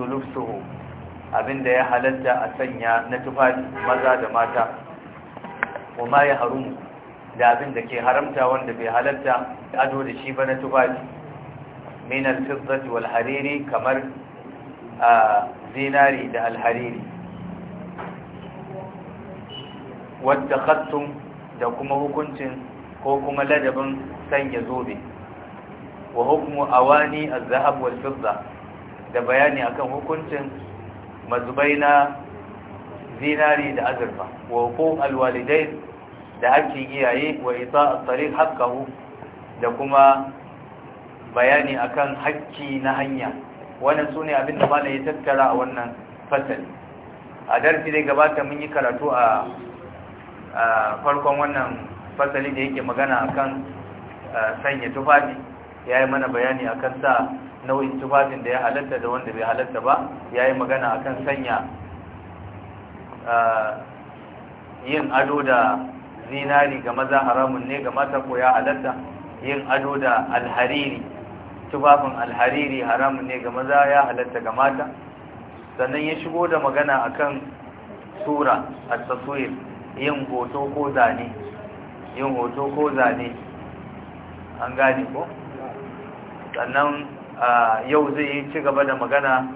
yajuzu lubsuhu abinda ya halatta a sanya na tufafi maza da mata kuma ya harumu da abinda ke haramta wanda bai halatta ado da shi ba na tufafi min al-fiddati wal hariri kamar zinari da al-hariri wadda khattun da kuma hukuncin ko kuma ladabin sanya zobe wa hukmu awani az-zahab wal da bayani akan hukuncin mazubai na zinari da azurfa wa ko alwalidai da ake iyaye wa isa tsarin haƙƙahu da kuma bayani akan hakki na hanya wannan su ne abinda ba ya tattara a wannan fasali a darfi dai gabata mun yi karatu a farkon wannan fasali da yake magana akan eh, sanya tufafi ya yi mana bayani akan sa nau'in tufafin da ya halatta da wanda bai halatta ba ya yi magana akan sanya yin ado da zinari ga maza haramun ne ga mata ko ya halatta yin ado da alhariri tufafin alhariri haramun ne ga maza ya halatta ga mata sannan ya shigo da magana akan tura a taswir yin hoto ko zane yin hoto ko zane an gani ko sannan yau zai yi ci gaba da magana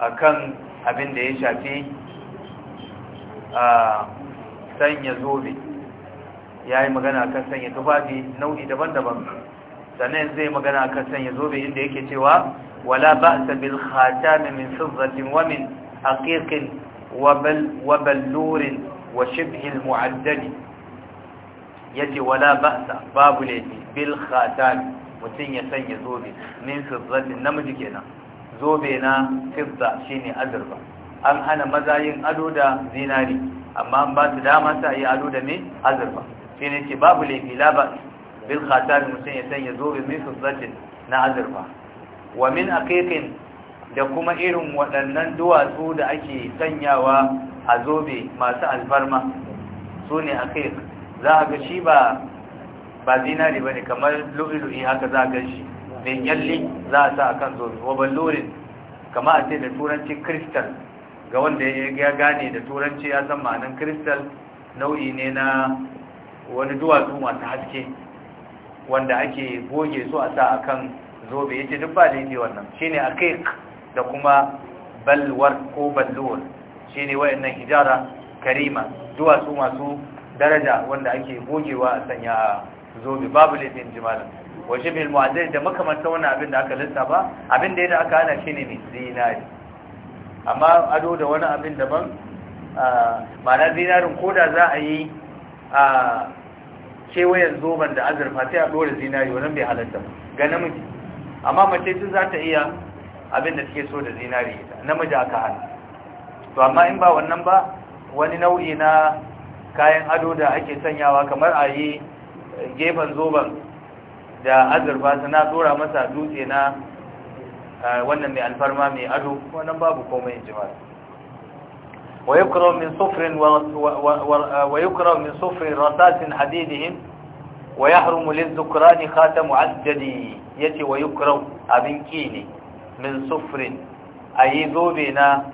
akan abin da ya shafi sanya zobe ya yi magana akan sanya tufafi nau'i daban-daban sannan zai magana akan sanya zobe inda yake cewa wala ba ba'sa bil khatami min fiddatin wa min aqiqin wa wa ballurin wa shibhil al mu'addad yace wala ba'sa babu laifi bil khatami mutum ya sanya zobe min fizzatin namiji kenan zobe na fizza shine azurfa an hana maza yin ado da zinari amma an ba su dama sa yi ado da me azurfa shine ce babu laifi la bil khatar mutum ya sanya zobe min fizzatin na azurfa wa min aqiqin da kuma irin waɗannan duwatsu da ake sanyawa a zobe masu alfarma su ne aqiq za a ga shi ba ba zinari ba ne kamar lu'ilu'i haka za a gan shi mai kyalli za a sa a kan zobe waban lorin kama a ce da turanci kristal ga wanda ya gane da turanci ya san ma'anin kristal nau'i ne na wani duwatsu masu haske wanda ake goge su a sa a kan zobe ya ce duk ba daidai wannan shi ne a da kuma balwar ko balluwar shi ne wa'annan hijara karima duwatsu masu daraja wanda ake gogewa a sanya zobe babu laifin jimalin wa bil mu'azzir da makamantar wannan abin da aka lissafa abin da yadda aka hana shine ne zinari amma ado da wani abin daban ma'ana zinarin koda za a yi a kewayen zoben da azurfa sai a ɗora zinari wannan bai halatta ga namiji amma mace tun za ta iya abin da suke so da zinari namiji aka hana to amma in ba wannan ba wani nau'i na kayan ado da ake sanyawa kamar a yi gefen zoban da azurfa suna tura masa dutse na wannan mai alfarma mai ado wannan babu komai jimar wa yukra min sufrin wa yukra min sufrin rasasin hadidihim wa yahrumu yace wa yukra abin zobe na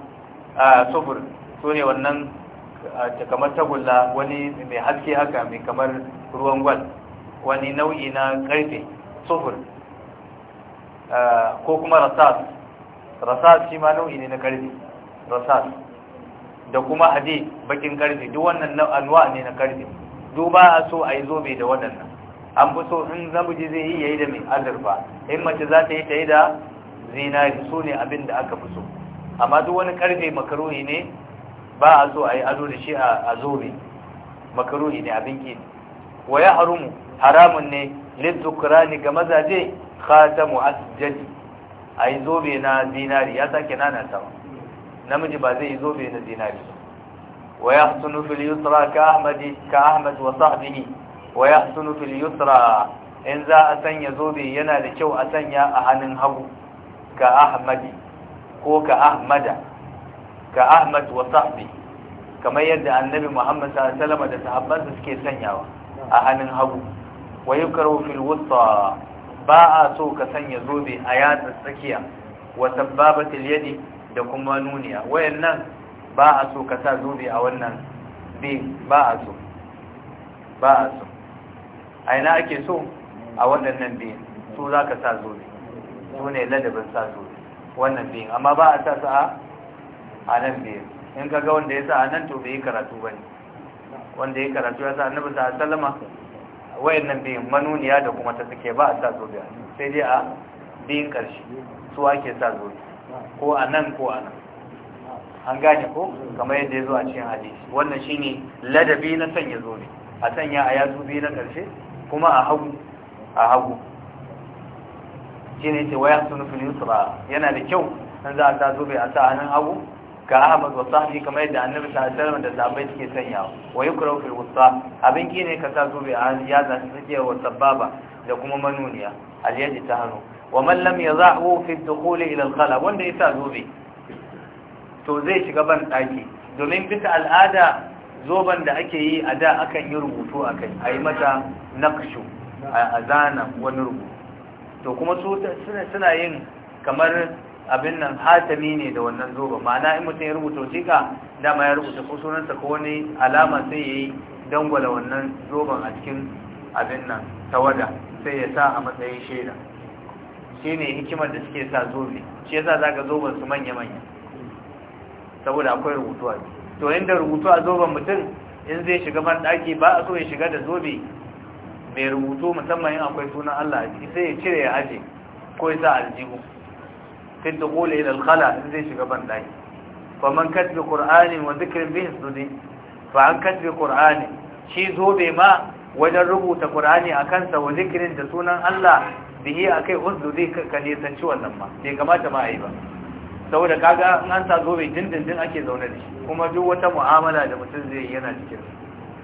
sufur sune wannan kamar tagulla wani mai haske haka mai kamar ruwan gwal wani nau'i na karfe sufur ko kuma rasas rasas shi ma nau'i ne na karfe rasas da kuma hade bakin karfe duk wannan anwa ne na karfe duba a so a yi zobe da waɗannan an fi so in zamuji zai yi yayi da mai azurfa in mace za ta yi ta yi da zinari su ne abin da aka fi so amma duk wani karfe makaroni ne ba a so a yi ado da shi a zobe makaruhi ne abin ki wa ya harumu haramun ne littukurani ga mazaje khatamu asjadi a yi zobe na zinari ya sake nana sama namiji ba zai yi zobe na zinari wa ya sunu fil yusra ka ahmadi ka ahmad wa sahbihi wa ya sunu fil yusra in za a sanya zobe yana da kyau a sanya a hannun hagu ka ahmadi ko ka ahmada ka Ahmad wa sahbi kamar yadda annabi Muhammad sallallahu alaihi wasallam da sahabbansa suke sanyawa a hannun hagu wa yukrahu fil wusta ba a so ka sanya zobe a yatsa tsakiya wa sabbabatil yadi da kuma nuniya wayannan ba a so ka sa zobe a wannan bi ba a so ba a so a ina ake so a waɗannan biyan so za ka sa zobe su ne ladabin sa zobe wannan biyan amma ba a sa su a a nan in ka ga wanda ya sa a nan to bai yi karatu ba ne wanda ya karatu ya sa annabi sa wayan wayannan bai manuniya da kuma ta suke ba a sa zobe sai dai a biyun karshe su ake sa zobe ko a nan ko a nan an gane ko kamar yadda ya zo a cikin hadisi wannan shine ladabi na sanya zobe a sanya a yatsu biyu na karshe kuma a hagu a hagu shine ce waya sunu fil yusra yana da kyau dan za a sa zobe a sa a nan hagu ka Ahmad wa sahbi kamar yadda Annabi sallallahu alaihi wasallam da sahabbai suke sanyawa wa yukrahu fil wusta abin ki ne ka sa zobe a ya za su sake wa sababa da kuma manuniya al ta hannu wa man lam yazahu fi dukhul ila al kala wanda ya sa zobe to zai shiga ban daki domin bisa al'ada zoban da ake yi a da akan yi rubutu akai ayi mata naqshu a azana wani rubutu to kuma su suna yin kamar abin nan hatami ne da wannan zoba ma'ana in mutum ya rubuta wasiƙa dama ya rubuta ko sunansa ko wani alama sai ya yi dangwala wannan zoban a cikin abin nan tawada sai ya sa a matsayin shaida shi ne hikimar da suke sa zobe shi sa za ka zoban su manya-manya saboda akwai rubutu a to inda rubutu a zoben mutum in zai shiga banɗaki ba a so ya shiga da zobe mai rubutu musamman in akwai sunan Allah a ciki sai ya cire ya aje ko ya sa aljihu fi dukhuli ila al-khala zai shiga ban daki fa man katbi qur'ani wa dhikrin bihi sudi fa an katbi qur'ani shi zobe ma wajen rubuta qur'ani akan sa wa dhikrin da sunan Allah bihi akai usudi ka ne sanci wannan ma bai kamata ma ayi ba saboda kaga in an sa zobe dindindin ake zaune da shi kuma duk wata mu'amala da mutum zai yana cikin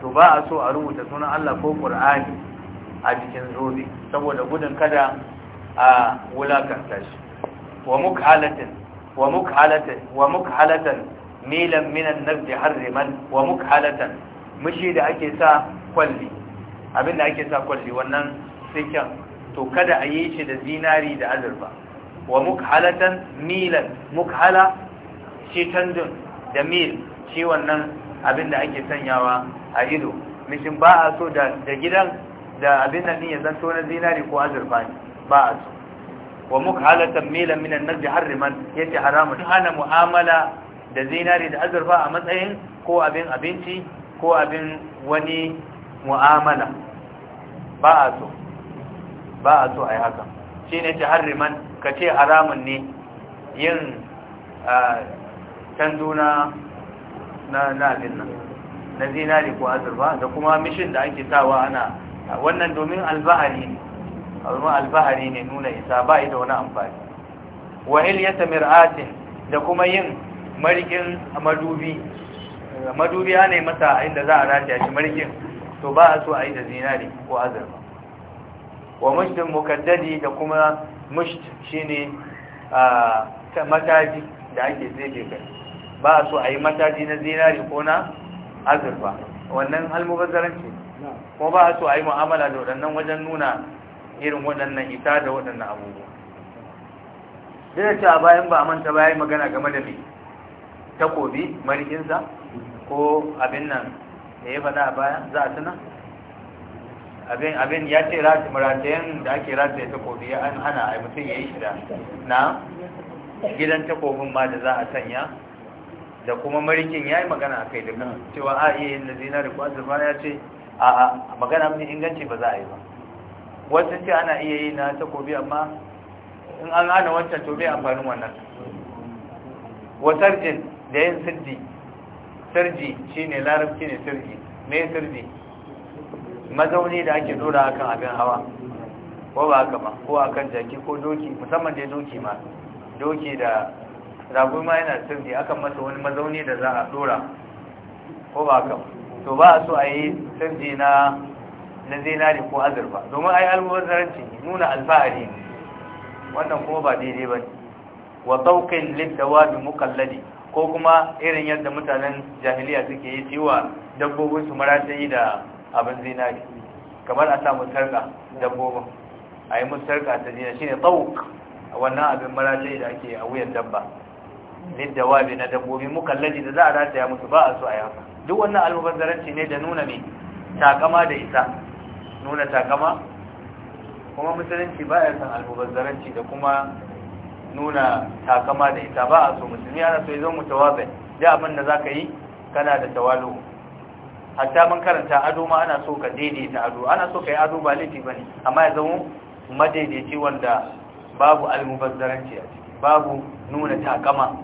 to ba a so a rubuta sunan Allah ko Qur'ani a cikin zobe saboda gudun kada a wulakanta shi wa mukhalatin wa mukhalatin minan mukhalatan milan minan nafdi harriman wa mukhalatan mushi da ake sa kwalli abinda ake sa kwalli wannan sikin to kada a yi shi da zinari da azurfa wa mukhalatan milan mukhala shi tandun da mil shi wannan abinda ake sanyawa a ido mishin ba a so da gidan da abin ni ya zanto na zinari ko azurfa ne ba a so wa mukhalatan milan minan an-najd harriman yace haramun hana mu'amala da zinari da azurfa a matsayin ko abin abinci ko abin wani mu'amala ba a so ba a so a yi haka ne ce harriman ce haramun ne yin tanduna na abin nan na zinari ko azurfa da kuma mishin da ake sawa ana wannan domin albahari ne domin alfahari ne nuna isa ba da wani amfani wa hilyata mir'atin da kuma yin marigin madubi madubi ana masa inda za a rataya shi marigin. to ba a so a yi da zinari ko azurfa wa mushdin mukaddadi da kuma shi ne mataji da ake zai kai ba a so a yi mataji na zinari ko na azurfa wannan almubazzaranci kuma ba a so a yi mu'amala da waɗannan wajen nuna irin waɗannan ita da waɗannan abubuwa zai ce a bayan ba a manta ba ya yi magana game da mai takobi marikinsa ko abin nan da ya faɗa a baya za a tuna abin ya ce ratayen da ake rataye takobi ya an hana a mutum ya yi shida na gidan takobin ma da za a sanya da kuma marikin ya yi magana a kai da cewa a iya yin da zinari ko azurfa ya ce a magana mai inganci ba za a yi ba wasu ce ana iya yi na takobi amma in an hana wancan to bai amfanin wannan wa sarjin da yin sirji sirji shine larabci ne sirji me sirji mazauni da ake dora akan abin hawa ko ba haka ba ko akan jaki ko doki musamman dai doki ma doki da ragu ma yana sirji akan masa wani mazauni da za a dora ko ba haka to ba a so a yi sirji na na zinari ko azurfa domin ai almubazzaranci nuna alfahari ne wannan kuma ba daidai ba ne wa tauqin lidawabi mukalladi ko kuma irin yadda mutanen jahiliya suke yi ciwa dabbobin su maratayi da abin zinari kamar a samu sarka dabbobin a yi mu sarka ta zinari shine a wannan abin maratayi da ake a wuyan dabba lidawabi na dabbobi mukalladi da za a rataya musu ba a so a yi haka duk wannan almubazzaranci ne da nuna ne takama da isa nuna takama kuma musulunci ba ya san albubazzaranci da kuma nuna takama da ita ba a so musulmi ana so ya zo tawabe da abin da zaka yi kana da tawalu hatta mun karanta ado ma ana so ka daidaita ado ana so ka yi ado ba laifi bane amma ya zama madaidaici wanda babu albubazzaranci a ciki babu nuna takama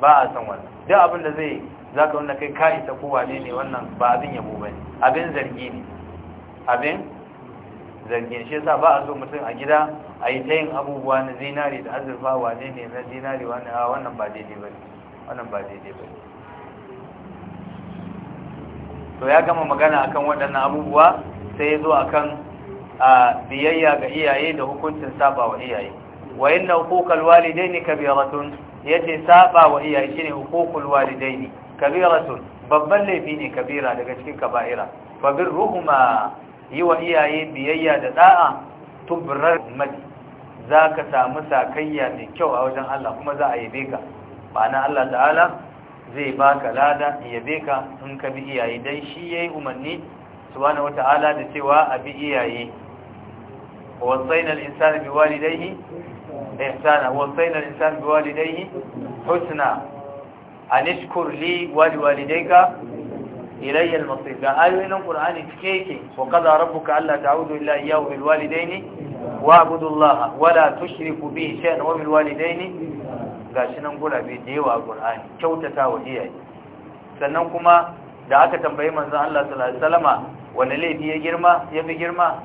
ba a san wannan duk abin da zai zaka wanda kai ka isa kowa ne ne wannan ba abin yabo bane abin zargi ne abin zargin shi yasa ba a so mutum a gida a yi ta yin abubuwa na zinari da azurfa wane ne na zinari wannan ba daidai ba wannan ba daidai ba to ya gama magana akan waɗannan abubuwa sai ya zo akan biyayya ga iyaye da hukuncin saba wa iyaye wa inna huquqal walidaini kabiratun yace saba wa iyaye shine huququl walidaini kabiratun babban laifi ne kabira daga cikin kaba'ira fa birruhuma yi wa iyaye biyayya da da'a tubrar mali za ka samu sakayya mai kyau a wajen Allah kuma za a yabe ka ma'ana Allah ta'ala zai ba ka lada yabe ka in ka bi iyaye don shi ya yi umarni subhanahu wata'ala da cewa a bi iyaye wasaina al-insana biwalidayhi ihsana wasaina al-insana biwalidayhi husna an li wa liwalidayka ilayya al-masir ga ayoyin qur'ani cike yake wa qala rabbuka alla ta'budu illa iyyahu bil walidayni abudu allaha wa la tushriku bihi shay'an wa bil walidayni gashi nan gurabe da yawa qur'ani kyautata wa iyaye sannan kuma da aka tambayi manzo Allah sallallahu alaihi wasallama wani laifi ya girma ya fi girma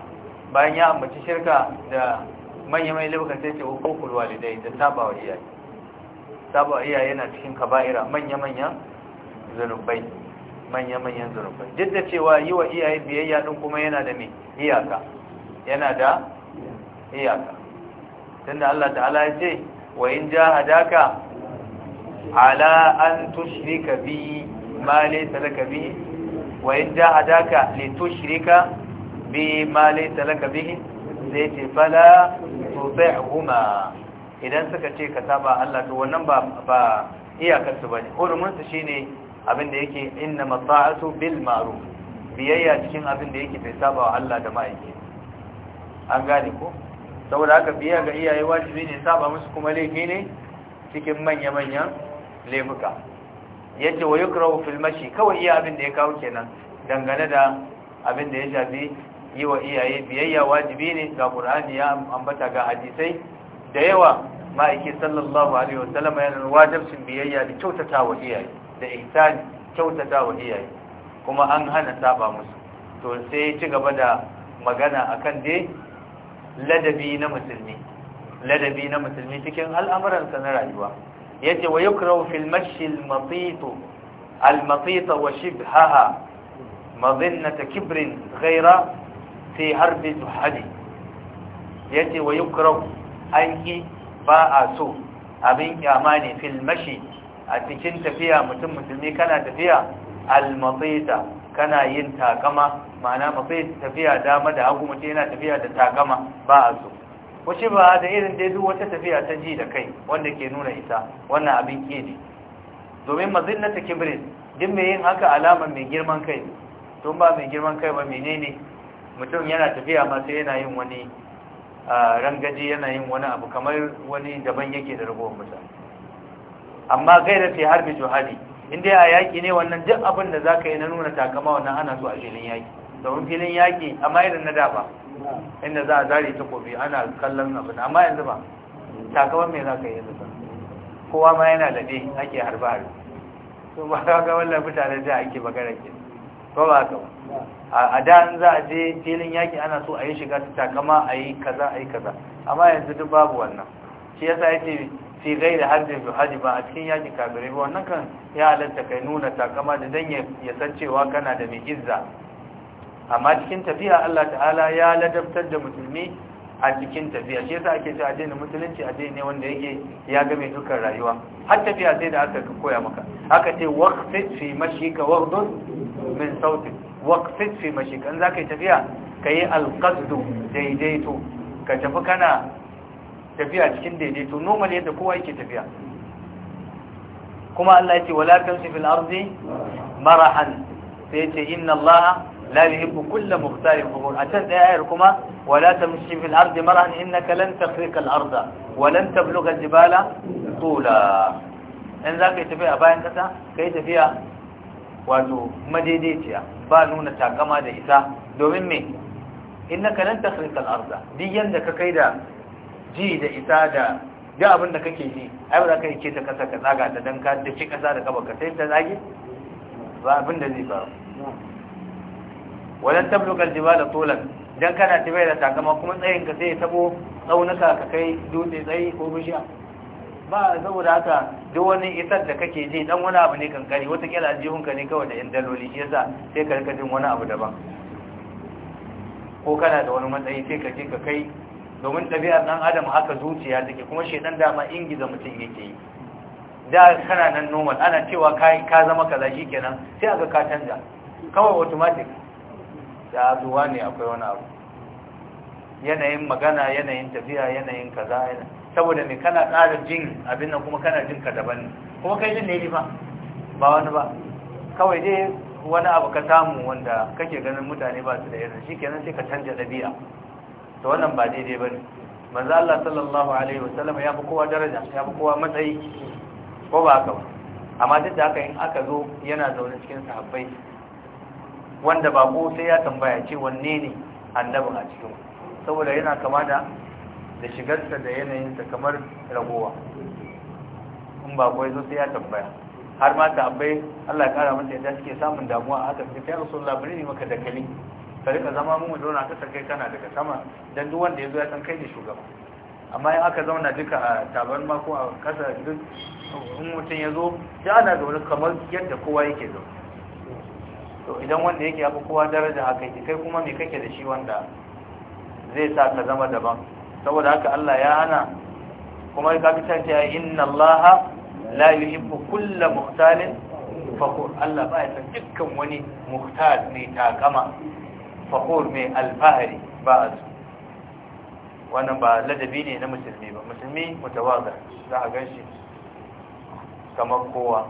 bayan ya ambaci shirka da manya mai laifukan sai ce hukukul walidai da wa iyaye wa iyaye yana cikin kaba'ira manya manya zanubai manya-manyan zunubai duk da cewa yi wa iyaye biyayya din kuma yana da me iyaka yana da iyaka tunda Allah ta'ala ya ce wa in hadaka ala an tushrika bi ma talaka laka bi wa in jahadaka li tushrika bi mali talaka laka bi zai ce fala huma idan suka ce ka saba Allah to wannan ba ba iyakar su bane hurumin su shine abin da yake inna mata'atu bil ma'ruf biyayya cikin abin da yake bai saba wa Allah da ma'aiki an gane ko saboda haka biya ga iyaye wajibi ne saba musu kuma laifi ne cikin manya-manyan laifuka yace wa yukrahu fil mashi kawai iya abin da ya kawo kenan dangane da abin da ya shafi yi wa iyaye biyayya wajibi ne ga Qur'ani ya ambata ga hadisai da yawa ma'aiki sallallahu alaihi wasallam yana wajibin biyayya da kyautata wa iyaye da ihsani kyautata wa iyaye kuma an hana saba musu to sai ci gaba da magana akan dai ladabi na musulmi ladabi na musulmi cikin al'amuransa na rayuwa yace wa yukrahu fil mashi al matit al matit wa shibhaha kibrin ghaira fi harbi tuhadi yace wa yukrahu ba a so abin kyama ne fil mashi a cikin tafiya mutum musulmi kana tafiya almasita kana yin takama ma'ana mafi tafiya dama da hagu mutum yana tafiya da takama ba a so wace ba da irin dai duk wata tafiya ta ji da kai wanda ke nuna isa wannan abin ke ne domin mazinnata kibrin duk mai yin haka alama mai girman kai tun ba mai girman kai ba menene mutum yana tafiya ma sai yana yin wani rangaji yana yin wani abu kamar wani daban yake da ragowar mutum amma gaira har bi juhadi inda a yaki ne wannan duk abin da zaka yi na nuna takama wannan ana so a filin yaki domin filin yaki amma irin na da ba inda za a zare ta takobi ana kallon abin amma yanzu ba takaman za zaka yi zuba. kowa ma yana da dai ake harba harbi to ba ka ga wannan mutane da ake magana ke ba ba ka a da in za a je filin yaki ana so a yi shiga takama a yi kaza a yi kaza amma yanzu duk babu wannan shi yasa yace da hajji da hajji ba a cikin yaƙi kafirai ba wannan kan ya halatta kai nuna takama da dan ya san cewa kana da mai izza amma cikin tafiya Allah ta'ala ya ladabtar da musulmi a cikin tafiya shi yasa ake cewa addinin musulunci addini ne wanda yake ya ga mai dukkan rayuwa har tafiya sai da aka koya maka aka ce waqfit fi mashika waqdun min sauti waqfit fi mashika in zaka yi tafiya kai alqasdu daidaito ka tafi kana tafiya cikin daidaito normal yadda kowa yake tafiya kuma Allah yace wala tamshi fil ardi marahan sai yace inna Allah la yuhibbu kulla mukhtalin fakhur a can daya ayar kuma wala tamshi fil ardi marahan innaka lan takhriqa al arda wa lan tablugha al jibala tula in zaka tafiya a bayan kasa kai tafiya wato madaidaiciya ba nuna takama da isa domin me innaka lan takhriqa al arda duk yanda ka kai da ji da isa da ya abin da kake ji ai ba za ka yi ta kasa ka tsaga ta don ka da ce kasa da kaba ka sai ta zage ba abin da zai faru wadan tablukar da tolan don kana bai da takama kuma tsayin ka sai ya tabo tsaunuka ka kai dutse tsayi ko bishiya ba saboda haka duk wani isar da kake ji dan wani abu ne kankani watakila aljihunka ne kawai da yan daloli shi yasa sai ka rika jin wani abu daban ko kana da wani matsayi sai ka je ka kai domin ɗabi'ar ɗan adam haka zuciya take kuma shedan dama ingiza mutum yake yi da kana nan normal ana cewa kai ka zama kaza kenan sai aka ka canza kawai automatic da zuwa ne akwai wani abu yanayin magana yanayin tafiya yanayin kaza saboda me kana tsara jin abin nan kuma kana jin ka daban ne kuma kai jin ne ba ba wani ba kawai dai wani abu ka samu wanda kake ganin mutane ba su da irin shi kenan sai ka canja ɗabi'a to wannan ba daidai ba ne. manzo Allah sallallahu alaihi wasallam ya fi kowa daraja ya fi kowa matsayi ko ba haka ba amma duk da haka in aka zo yana zaune cikin sahabbai wanda ba ko sai ya tambaya ce wanne ne annabi a cikin saboda yana kama da da shigarsa da yanayinsa kamar ragowa in ba ko zo sai ya tambaya har ma ta abai Allah ya kara mata yadda suke samun damuwa a haka sai ya rasulullah bari ne maka dakali ka rika zama mu mu zauna kasan kai kana daga sama dan duk wanda ya zo ya san kai ne shugaba amma in aka zauna duka a ma ko a kasa duk mutum ya ya ana wani kamar yadda kowa yake zo to idan wanda yake abu kowa daraja haka yake kai kuma me kake da shi wanda zai sa ka zama daban saboda haka Allah ya hana kuma ka fitar ya inna Allah la yuhibbu kulla muhtalin fakur Allah ba ya san dukkan wani muhtal ne takama fakhur mai alfahari ba a su wannan ba ladabi ne na musulmi ba musulmi mutawaza za a ganshi kamar kowa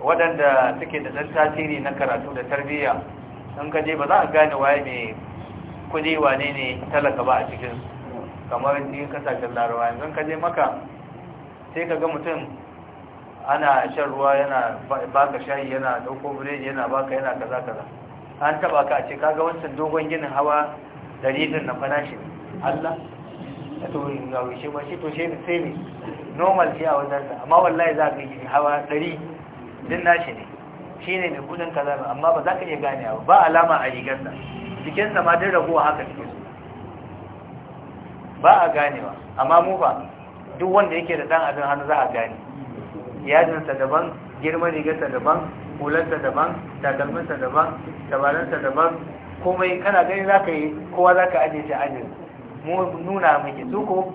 waɗanda suke da ɗan tasiri na karatu da tarbiyya sun ka je ba za a gane waye mai kudi wane ne talaka ba a cikin kamar cikin kasashen larawa yanzu ka je maka sai ka ga mutum ana shan ruwa yana baka shayi yana ɗauko biredi yana baka yana kaza kaza an taba ka ce kaga wancan dogon ginin hawa dari din na fanashi Allah a to yin gawo shi ba shi to shi ne sai ne normal shi a wajen sa amma wallahi za ka yi hawa dari din nashi ne shi ne mai kudin kaza amma ba za ka iya gane ba alama a rigar sa cikin sa ma din ragowa haka cikin su ba a ganewa amma mu ba duk wanda yake da dan abin hannu za a gane yajinsa daban girman rigarsa daban hulansa daban takalminsa daban tabaransa daban komai kana gani za ka yi kowa za ka ajiye shi ajiye mu nuna maki suko ko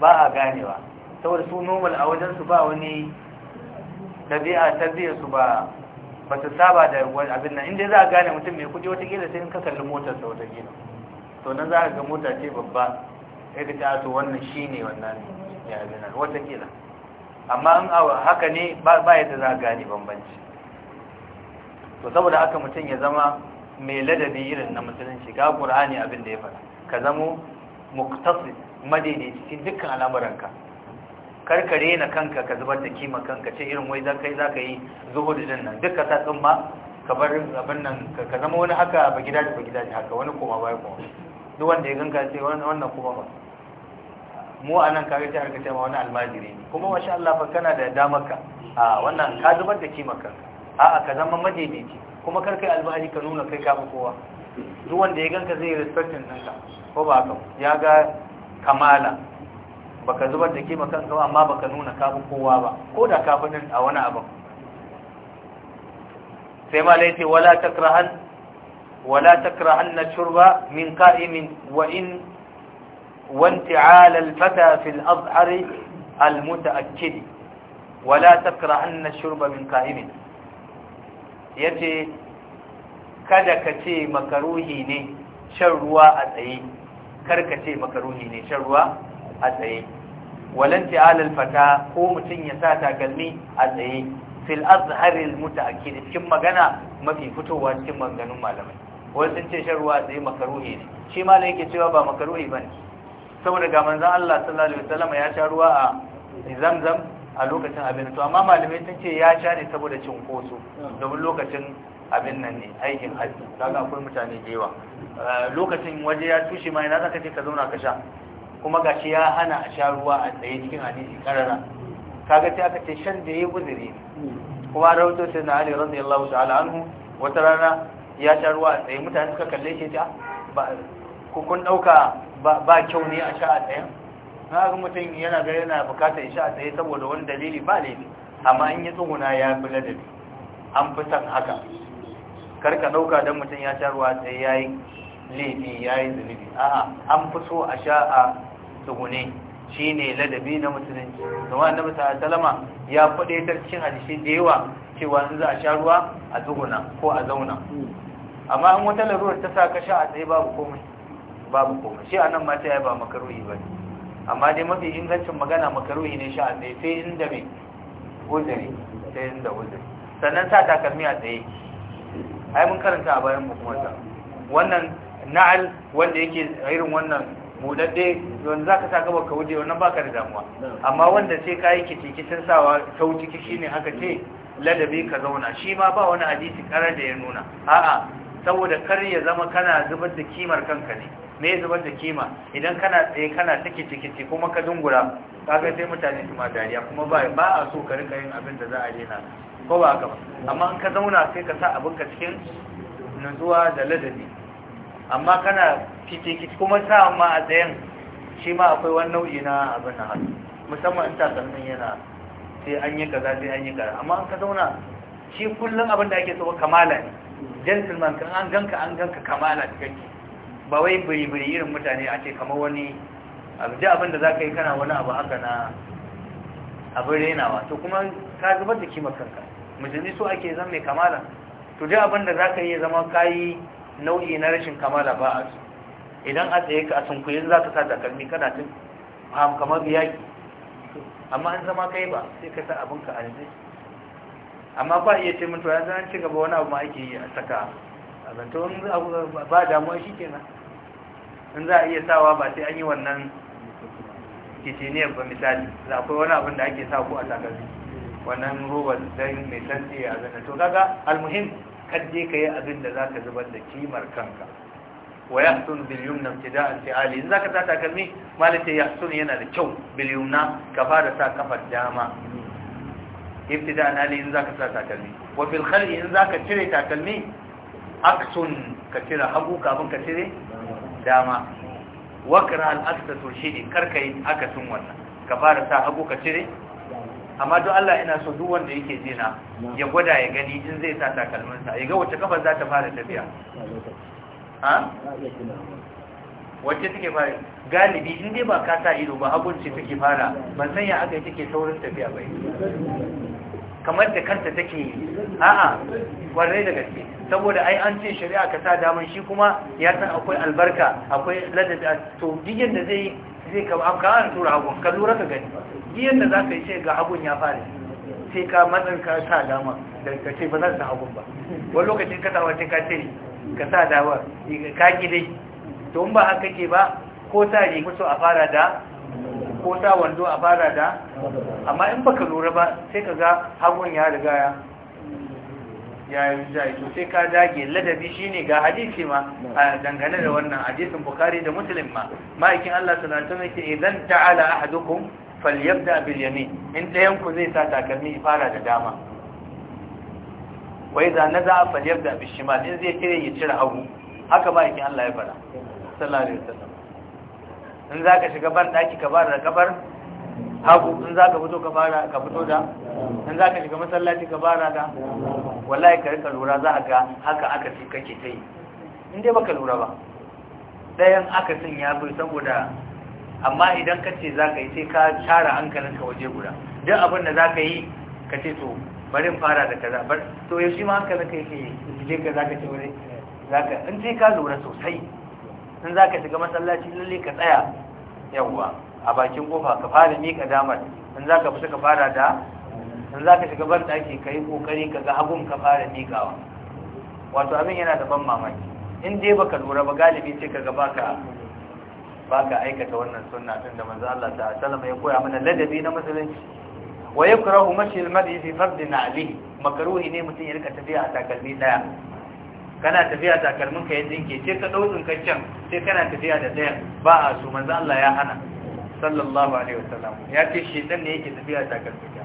ba a ganewa saboda su normal a wajensu ba wani ɗabi'a su ba ba su saba da abin nan inda za a gane mutum mai kuɗi watakila sai in ka kalli motarsa gina to nan za ka ga mota ce babba sai ka ta to wannan shi ne wannan ya abin nan watakila amma in haka ne ba yadda za a gane bambanci to saboda haka mutum ya zama mai ladabi irin na musulunci ga qur'ani abin da ya faɗa ka zamo muktasi madaidaici cikin dukkan al'amuranka karkare na kanka ka zubar da kima kanka ce irin wai za kai za ka yi zuhu din nan duk ta tsumma ka bar abin nan ka zama wani haka ba gida ba gida haka wani koma baya koma duk wanda ya ganka ce wannan kuma ba mu a nan kawai ta harka ma wani almajiri ne kuma masha Allah fa kana da damarka a wannan ka zubar da kima kanka a'a ka zama madaidaici kuma karkai albahari ka nuna kai ka kowa duk wanda ya ganka zai respectin ɗinka ko ba ka ya ga kamala baka zubar da ke kanka amma baka nuna ka kowa ba ko da ka fadin a wani abin sai ma laifin wala takrahan na shurba min ka'imin wa in wanti وانتعال الفتى في الأظهر المتأكد ولا تكرهن الشرب من قائم ya ce kada ka ce makaruhi ne shan ruwa a tsaye karka ce makaruhi ne shan ruwa a tsaye walanti alal fata ko mutum ya sa takalmi a tsaye fil azharil mutaakkid cikin magana mafi fitowa cikin maganganun malamai wai sun ce shan ruwa a tsaye makaruhi ne shi malam yake cewa ba makaruhi bane saboda ga manzon Allah sallallahu alaihi wasallam ya sha ruwa a zamzam a lokacin abin to amma malamai sun ce ya sha ne saboda koso domin lokacin abin nan ne aikin hajji kaga akwai mutane da yawa eh, lokacin waje ya tushe ma ina zaka je ka zauna ka sha kuma gashi ya hana a sha ruwa a tsaye cikin hadisi karara kaga sai aka ce shan da yayi guzuri kuma rawato sai na Ali radiyallahu ta'ala anhu wata rana ya sha ruwa a tsaye mutane suka kalle shi ta ah, ba kun dauka ba kyau ne a sha a tsayen har mutum yana ga yana bukatar shi a tsaye saboda wani dalili ba ne amma in yi tsuguna ya fi ladabi an fi san haka karka ɗauka don mutum ya sha ruwa tsaye ya yi laifi ya yi zunubi a'a an fi so a sha a tsugune shi ne ladabi na musulunci zama na musa salama ya faɗe cikin hadisi da yawa cewa in za a sha ruwa a tsuguna ko a zauna amma an wata laruwar ta sa ka sha a tsaye babu komai babu komai shi anan mata ya ba makaruhi ba ne amma dai mafi ingancin magana makaruhi ne sha ne sai inda mai uzuri sai inda uzuri sannan sa takalmi a tsaye ai mun karanta a bayan mu kuma wannan na'al wanda yake irin wannan mudadde yanzu zaka sa gaba ka wuce wannan baka da damuwa amma wanda sai kai kici kicin sawa kau ciki shine haka ce ladabi ka zauna shi ma ba wani hadisi karar da ya nuna a'a saboda kar ya zama kana zubar da kimar kanka ne me zubar da kima idan kana tsaye kana take ciki kuma ka dungura kaga sai mutane su ma dariya kuma ba ba a so ka rika yin abin da za a daina ko ba haka ba amma in ka zauna sai ka sa abin ka cikin nutsuwa da ladabi amma kana kici kuma sa ma a tsayen shi ma akwai wani nau'i na abin na hannu musamman in takalmin yana sai an yi kaza sai an yi kaza amma in ka zauna shi kullum abin da ake so kamala ne gentleman kan an ganka an ganka kamala cikakke ba wai biri-biri irin mutane a ce kamar wani abu da abin da za ka yi kana wani abu haka na abin renawa to kuma ka zubar da kima kanka musulmi so ake zan mai kamala to da abin da za ka yi zama ka yi nau'i na rashin kamala ba a su idan a tsaye ka a kuyi za ka sa takalmi kana tun ham kamar biyaki amma an zama kai ba sai ka sa abin ka yanzu amma ba iya ce mutu yanzu zan ci gaba wani abu ma ake yi a saka a zantawar ba damuwa shi kenan in za a iya sawa ba sai an yi wannan kishiniyar ba misali za akwai wani abin da ake sa ko a takalmi wannan robar don mai santsi a zana to kaga almuhim kaje ka yi abin da za ka zubar da kimar kanka wa ya sun biliyum na fida a ali, in za ka sa takalmi malita ya sun yana da kyau biliyum na ka fara sa kafar dama ibtida an ali in za ka sa takalmi wa fil khali in za ka cire takalmi aksun ka cire hagu kafin ka cire dama wakra al-aqsa turshidi karka yin akasin wannan ka fara sa hagu ka cire amma don Allah ina so duk wanda yake jina ya gwada ya gani in zai sa takalminsa ya ga wacce kafar za ta fara tafiya ha wacce take fara galibi in dai ba ka sa ido ba ce take fara ban san ya aka take saurin tafiya bai kamar da kanta take yi a'a kwarai da gaske saboda ai an ce shari'a ka sa daman shi kuma ya san akwai albarka akwai ladabi to giyan da zai zai ka an ka tura hagun ka lura ka gani diyan da zaka yi ce ga abun ya fara sai ka matsan ka sa damar da ka ce ba zan sa abun ba wani lokacin ka tawa ce ka ce ka sa damar ka gidai to in ba haka ke ba ko tare musu a fara da ko sa wando a fara da amma in baka lura ba sai ka ga hagun ya riga ya ya yi jayi to sai ka dage ladabi shine ga hadisi ma a dangane da wannan hadisin bukhari da muslim ma ma'aikin Allah sallallahu alaihi wasallam idan ta'ala ahadukum falyabda bil yamin in dayan ku zai sa takalmi fara da dama wai za naza falyabda bil shimal in zai kire ya cire hagu haka ma'aikin Allah ya fara sallallahu alaihi wasallam in za ka shiga ban ɗaki ka fara da kafar hagu in za ka fito ka fara ka fito da in za ka shiga masallaci ka fara da wallahi ka rika lura za a ga haka aka fi kake ta yi in dai baka lura ba ɗayan aka sun ya fi saboda amma idan ka ce za ka yi sai ka tara ka waje guda duk abin da za ka yi ka ce to bari in fara da kaza bar to yaushe ma ka yake je ka za ka ce wani za ka in sai ka lura sosai Sun za ka shiga masallaci lalle ka tsaya yawwa a bakin kofa ka fara miƙa damar sun za ka fita ka fara da Sun za ka shiga bar ɗaki ka yi ƙoƙari ka ga hagun ka fara miƙawa wato abin yana da ban mamaki in dai baka lura ba galibi sai ka ga baka baka aikata wannan sunna din da manzo Allah ta sallama ya koya mana ladabi na musulunci wa yakrahu mashi al-mar'i fi fardin alayhi makruhi ne mutum ya rika tafiya a takalmi daya kana tafiya takalmin ka ya ke, sai ka dau tsinkaccen sai kana tafiya da daya ba a so manzo Allah ya hana sallallahu alaihi wasallam ya ce shedan ne yake tafiya takalmin ka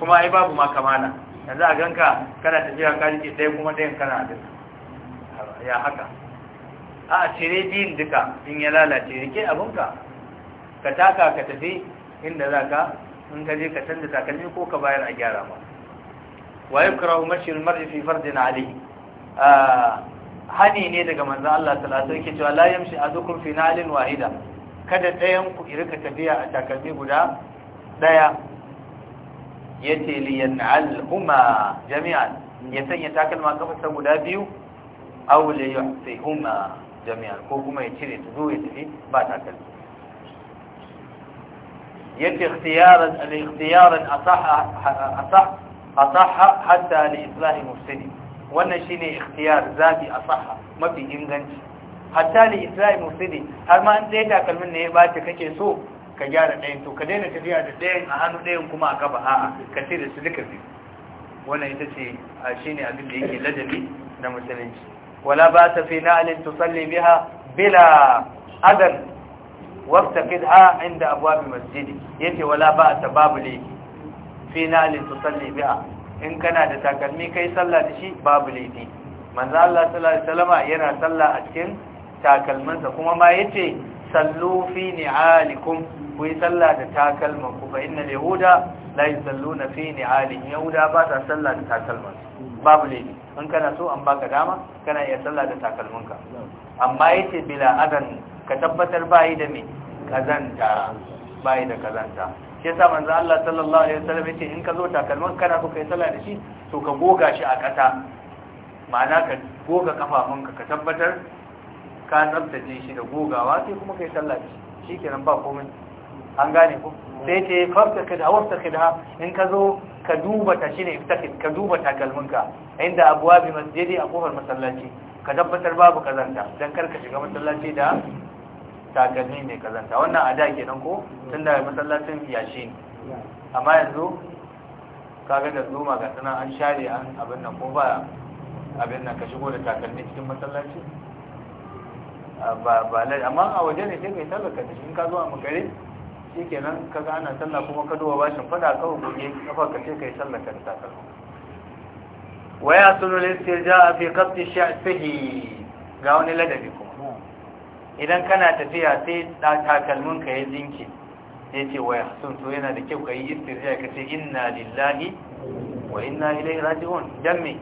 kuma ai babu ma kamala yanzu a ganka kana tafiya ka rike daya kuma dayan kana da ya haka a cire biyun duka in ya lalace rike abinka ka Ka taka ka tafi inda za ka in ka je ka canza takalmi ko ka bayar a gyara ba wa yukrahu mashyi al-mar'i fi fardin alayhi hani ne daga manzan Allah salatu yake cewa la yamshi azukum fi nalin wahida kada ɗayan ku irka tafiya a takalmi guda ɗaya ya ce liyan al'umma jami'a ya sanya takalma kafasta guda biyu aw sai umma jami'a ko kuma ya cire ta zo ya tafi ba takalmi yace ikhtiyaran al-ikhtiyaran asah asah asah hatta li islahi mufsidin wannan shine ikhtiyar zabi asaha mafi inganci hatta li isra'i mufsidi har ma an tsaye takalmin ne ya bace kake so ka gyara ɗayan to ka daina tafiya da ɗayan a hannu ɗayan kuma a gaba. a'a ka ce da su duka biyu wannan ita ce ne abin da yake ladabi na musulunci wala ba ta fi tu salli biha bila adan وافتقدها عند أبواب المسجد ta babu بأس fi na alin tu salli biha in kana da takalmi kai sallah da shi babu laifi manzo Allah sallallahu alaihi wasallama yana sallah a cikin takalminsa kuma ma yace sallu fi ni'alikum ku yi sallah da takalman ku fa innal yahuda la yusalluna fi ni'alihim yahuda ba ta sallah da takalman babu laifi in kana so an baka dama kana iya sallah da takalminka amma yace bila adan ka tabbatar bai da me kazanta bai da kazanta shi yasa manzo Allah sallallahu alaihi wasallam yace in ka zo takalman kana ko kai sallah da shi to ka goga shi a kasa ma'ana ka goga kafafunka ka tabbatar ka tsabtace shi da gogawa sai kuma kai sallah da shi shikenan ba komai an gane ko sai ce farka ka da wasta ka da in ka zo ka duba ta shine iftakid ka duba ka inda abuwa bi masjidi a kofar masallaci ka tabbatar babu kazanta dan kar ka shiga masallaci da takalmi mai kazanta wannan a da kenan ko tun da masallacin yashi ne amma yanzu kaga da zuma ga tana an share an abin nan ko ba abin nan ka shigo da takalmi cikin masallaci ah, ba lai amma a waje ne sai kai sallar ka in ka zo a makare shikenan kaga ana sallah kuma ka duba bashin fada kawai goge kafa ka ce kai sallar ka da takalmi waya sunu listir a fi qatti sha'fihi ga wani ladabi ko idan kana tafiya sai takalmin ka ya zinke sai ce waya sun to yana da kyau ka yi istirya ka ce inna lillahi wa inna ilaihi raji'un dan me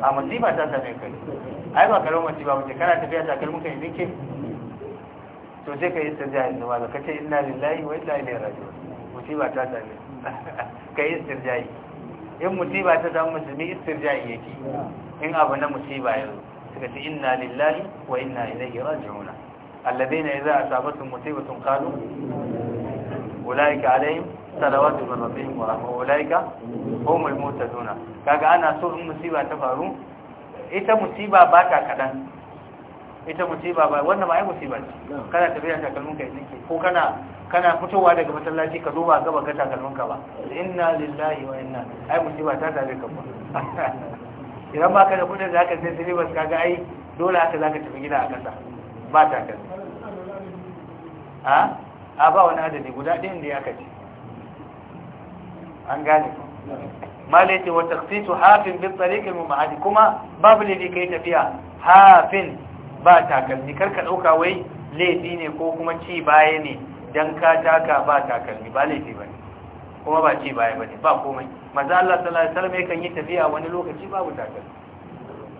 a musiba ta same ka ai ba karamin musiba ba ce kana tafiya takalmin ka ya zinke to sai ka yi istirya yanzu ba ka ce inna lillahi wa inna ilaihi raji'un musiba ta same ka yi istirja in musiba ta samu musulmi istirya yake in abu na musiba yanzu suka ce inna lillahi wa inna ilaihi raji'una alladheena idza asabatuhum musibatun qalu ulaika alaihim salawatu min rabbihim wa rahmah ulaika humul muhtaduna kaga ana so in musiba ta faru ita musiba ba ta kadan ita musiba ba wannan ba ai musiba ce kana tafiya takalmin ka yake ko kana kana fitowa daga masallaci ka duba gaba ga takalmin ka ba inna lillahi wa inna ai musiba ta tare ka ba idan baka da kudin da aka sai silibas kaga ai dole aka zaka tafi gida a kasa ba ta kan a a ba wani adadi guda ɗin da aka ce an gane malaiti wa taqsitu hafin bi mu mumahadi kuma babu laifi kai tafiya hafin ba takalmi karka dauka wai laifi ne ko kuma ci baya ne dan ka taka ba takalmi ba laifi ba kuma ba ce baya bane ba komai maza Allah sallallahu alaihi wasallam yakan yi tafiya wani lokaci babu takalmi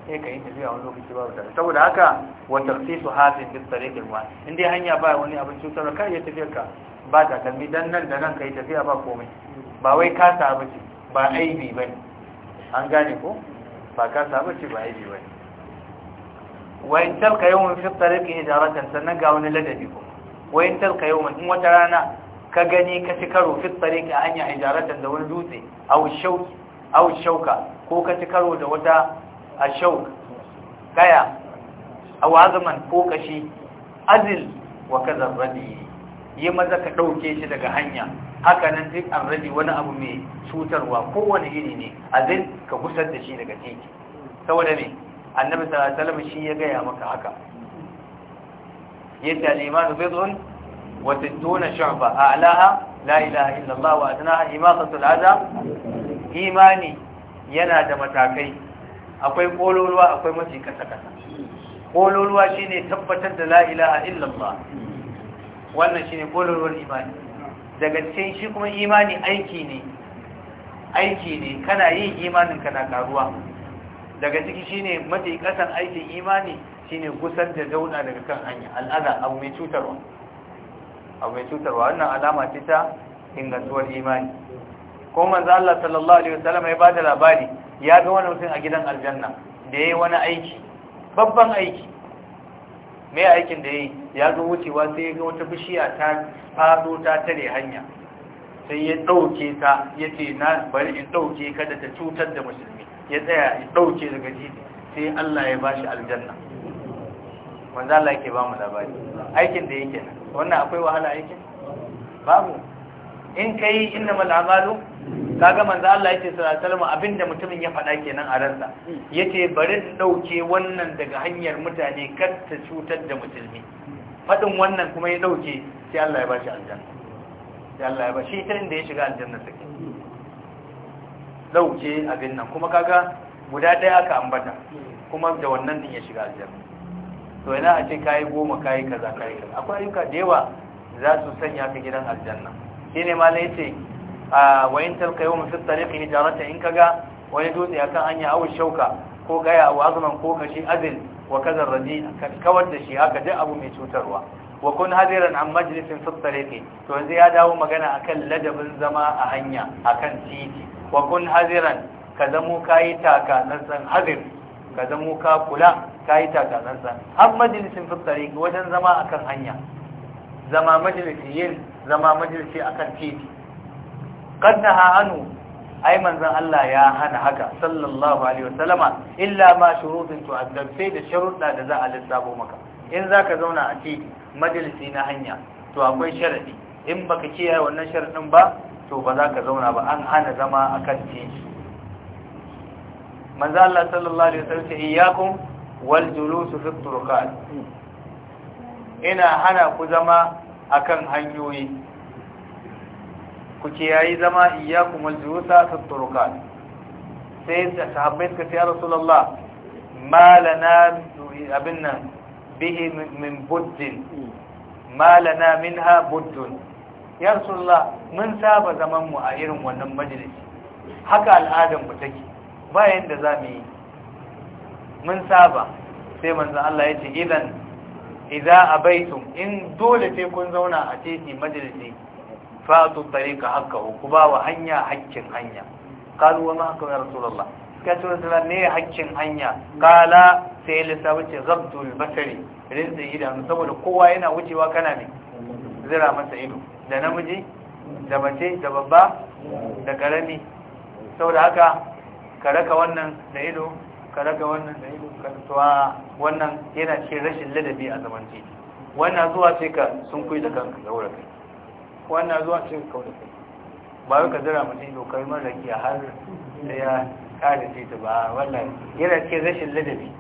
yakan yi tafiya wani lokaci babu takalmi saboda haka wa taqsisu hadin bi tariqil wa in hanya ba wani abin cutar ka ya tafiya ka ba takalmi dan nan da nan kai tafiya ba komai ba wai ka sa ci ba aibi bane an gane ko ba ka sa ci ba aibi bane wa in talka yawman fi tariqi hijaratan sannan ga wani ladabi ko wa in talka yawman in wata rana ka gani ka ci karo fi tsare ka hanya hijaratan da wani dutse a wuce shauka ko ka ci karo da wata a ashauk kaya a wazaman ko kashi azil wa kaza zarrabi yi maza ka ɗauke shi daga hanya haka nan duk an rabi wani abu mai cutarwa kowane iri ne azil ka gusar da shi daga teki saboda ne annabi sallallahu alaihi wasallam shi ya gaya maka haka yadda al-imanu bid'un وستون شعبة أعلاها لا إله إلا الله وأدناها إماثة الأذى إيماني yana da matakai akwai kololuwa akwai mace kasa-kasa kololuwa shine tabbatar da la ilaha illallah wannan shine kololuwar imani daga cikin shi kuma imani aiki ne aiki ne kana yi imanin kana karuwa daga ciki shine mafi kasan aikin imani shine gusar da zauna daga kan hanya al'aza abu mai cutarwa abu mai cutarwa wannan alama ce ta ingantuwar imani ko manzo Allah sallallahu alaihi wasallam ya bada labari ya ga wani mutum a gidan aljanna da yayi wani aiki babban aiki Mai aikin da yayi ya zo wucewa sai ya ga wata bishiya ta fado ta tare hanya sai ya dauke ta yace na bari in dauke kada ta cutar da musulmi ya tsaya ya dauke daga jiji sai Allah ya bashi aljanna manzo Allah yake ba mu labari aikin da yake nan wannan akwai wahala aikin babu in kai innamal a'malu kaga manzo Allah yake sallallahu alaihi wasallam abinda mutumin ya faɗa kenan a ransa yace bari dauke wannan daga hanyar mutane kar ta cutar da musulmi fadin wannan kuma ya dauke sai Allah ya bashi aljanna sai Allah ya bashi tarin da ya shiga aljanna sake dauke abin nan kuma kaga guda ɗaya aka ambata kuma da wannan din ya shiga aljanna to yana a ce kayi goma kayi kaza kayi kaza akwai ayyuka da yawa za su sanya ka gidan aljanna shi ne malai ya ce a wayin talka yau mafi tsariƙi jarata in kaga wani dutse akan hanya awu shauka ko gaya a azuman ko kashi azil wa kazar radi kawar da shi haka duk abu mai cutarwa wa kun hadiran an majalisin fi to yanzu ya dawo magana akan ladabin zama a hanya akan titi wa kun hadiran ka zamo kayi taka na san hadir ka zamo ka kula ka yi takatsantsa har majalisin fitsari wajen zama kan hanya zama majalisi yin zama majalisi kan titi kadda hannu. ai manzan Allah ya hana haka sallallahu alaihi wasallama illa ma shurutun tu'addab sai da sharuɗa da za a lissafo maka in ka zauna a titi majalisi na hanya to akwai sharaɗi. in baka kiyaye wannan sharaɗin ba to ba za ka zauna ba an hana zama akan titi manzo Allah sallallahu alaihi wasallam ce iyyakum wal julus fi turqat ina hana ku zama akan hanyoyi ku kiyayi zama iyyakum wal julus fi turqat sai sahabbai suka ce ya rasulullah ma lana abin nan bihi min buddin ma lana minha buddun ya rasulullah mun saba zaman mu a irin wannan majalisi haka al'adar mu take bayan da za mu yi mun saba sai manzan Allah ya ce idan idza abaitum in dole sai kun zauna a titi majalisi fatu tariqa hakkahu ku ba wa hanya hakkin hanya kalu wa ma hakka ya rasulullah ce rasulullah ne hakkin hanya kala sai lissa wuce zabtul basari rinsa idan saboda kowa yana wucewa kana ne zira masa ido da namiji da mace da babba da karami saboda haka ka raka wannan da ido ka raka wannan da ido ka tuwa wannan yana ce rashin ladabi a zaman ce wannan zuwa ce ka sun kuyi da kanka da wurin wannan zuwa ce ka wurin kai ba wai ka zira mutum da kai mara rakiya har da ya kare ta ba wannan yana ce rashin ladabi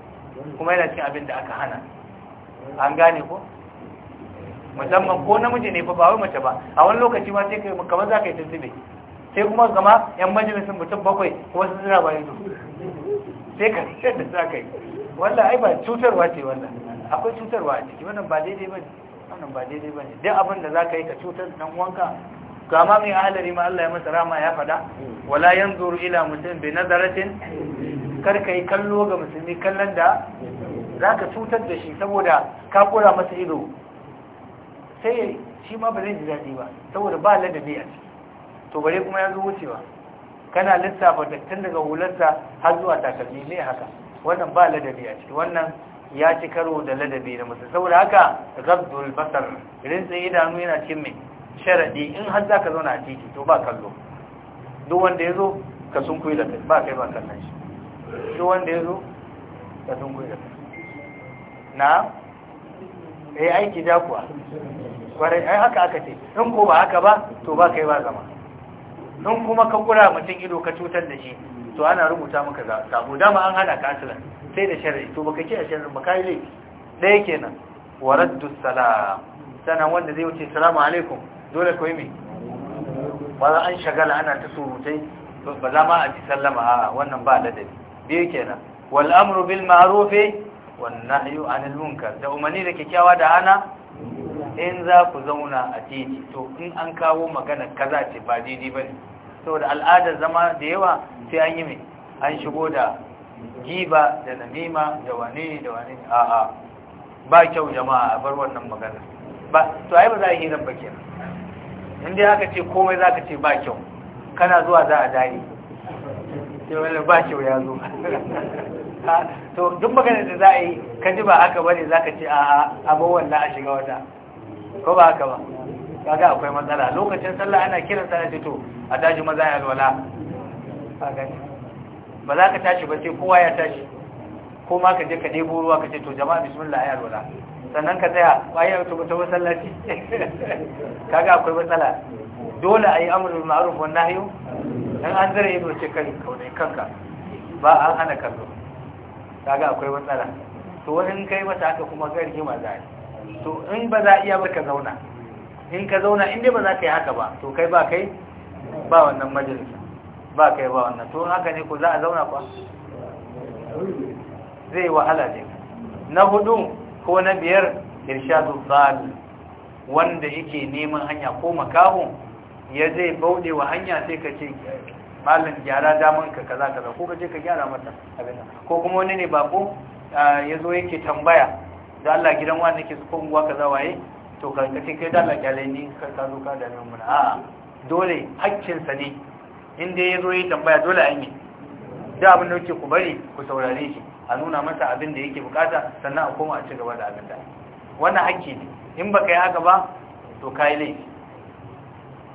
kuma yana cin abin da aka hana an gane ko musamman ko namiji ne fa ba wai mace ba a wani lokaci ma sai kai kamar za ka yi tuntube sai kuma gama yan majalisun mutum bakwai wasu suna bayan su sai ka sai da za ka yi wannan ai ba cutarwa ce wannan akwai cutarwa a ciki wannan ba daidai bane wannan ba daidai bane duk abin da za ka yi ka cutar dan wanka ga ma mai ahalari ma Allah ya masa rama ya fada wala yanzuru ila mutum bi nazaratin kar kai yi kallo ga musulmi kallon da za ka cutar da shi saboda ka kura masa ido sai shi ma ba zai ji daɗi ba saboda ba ladabi a ciki to bare kuma ya zo wucewa kana lissafa dattin daga hularsa har zuwa takalmi ne haka wannan ba ladabi a ciki wannan ya ci karo da ladabi da musu saboda haka zabdul basar rintsin idanu yana cikin mai sharadi in har za ka zauna a titi to ba kallo duk wanda ya zo ka sun kuyi da kai ba kai ba kallon shi duk wanda ya zo ka sun kuyi da kai na eh aiki da kuwa kwarai ai haka aka ce in ko ba haka ba to ba kai ba zama in kuma ka kura mutum ido ka cutar da shi to ana rubuta maka za sabo dama an hana ka asilan sai da shari'a to baka ke a shari'a baka yi laifi ɗaya kenan wa raddu salam sanan wanda zai wuce salamu alaikum dole ka yi me ba za an shagala ana ta surutai ba za ma a ji sallama a wannan ba ladabi biyu kenan wal amru bil Wannan wan nahyu anil munkar da umarni da kikkiawa da hana in za ku zauna a titi to in an kawo magana kaza ce ba daidai ba ne saboda al'adar zama da yawa sai an yi mai an shigo da giba da namima da wane da wane a'a ba kyau jama'a a bar wannan magana ba to ai ba za a yi ran ba kenan in dai haka ce komai za ka ce ba kyau kana zuwa za a dare sai wani ba kyau ya zo to duk magana da za a yi ka ji ba haka bane za ka ce a abin na a shiga wata ko ba haka ba kaga akwai matsala lokacin sallah ana kiran sa ce to a tashi maza ya la ba za ka tashi ba sai kowa ya tashi ko ma ka je ka debo ruwa ka ce to jama'a bismillah ya alwala sannan ka tsaya bayan ta wata masallaci kaga akwai matsala dole a yi amurin ma'aruf wa nahyu dan an zare ido ce kai kaunai kanka ba an hana kallo kaga akwai matsala to wani kai mata haka kuma ga rigima zai to in ba za a iya barka zauna in ka zauna in dai ba za ka yi haka ba to kai ba kai ba wannan majalisa ba kai ba wannan to haka ne ko za a zauna kwa zai wahala ne na hudu ko na biyar irshadu zal wanda yake neman hanya ko makaho ya zai bauɗe wa hanya sai ka ce malam gyara daman ka kaza kaza ko ka je ka gyara mata abin ko kuma wani ne ko ah, ya zo yake tambaya da Allah gidan wani ke suka unguwa ka zawaye. to ka kace kai da Allah kyale ni ka ka zo ka da nan mun a dole haƙƙin sa ne Inda ya zo yi tambaya dole an yi da abin da yake ku bari ku saurare shi a nuna masa abin da yake bukata sannan a koma a ci gaba da abin da wannan haƙƙi ne in ka yi haka ba to kai laifi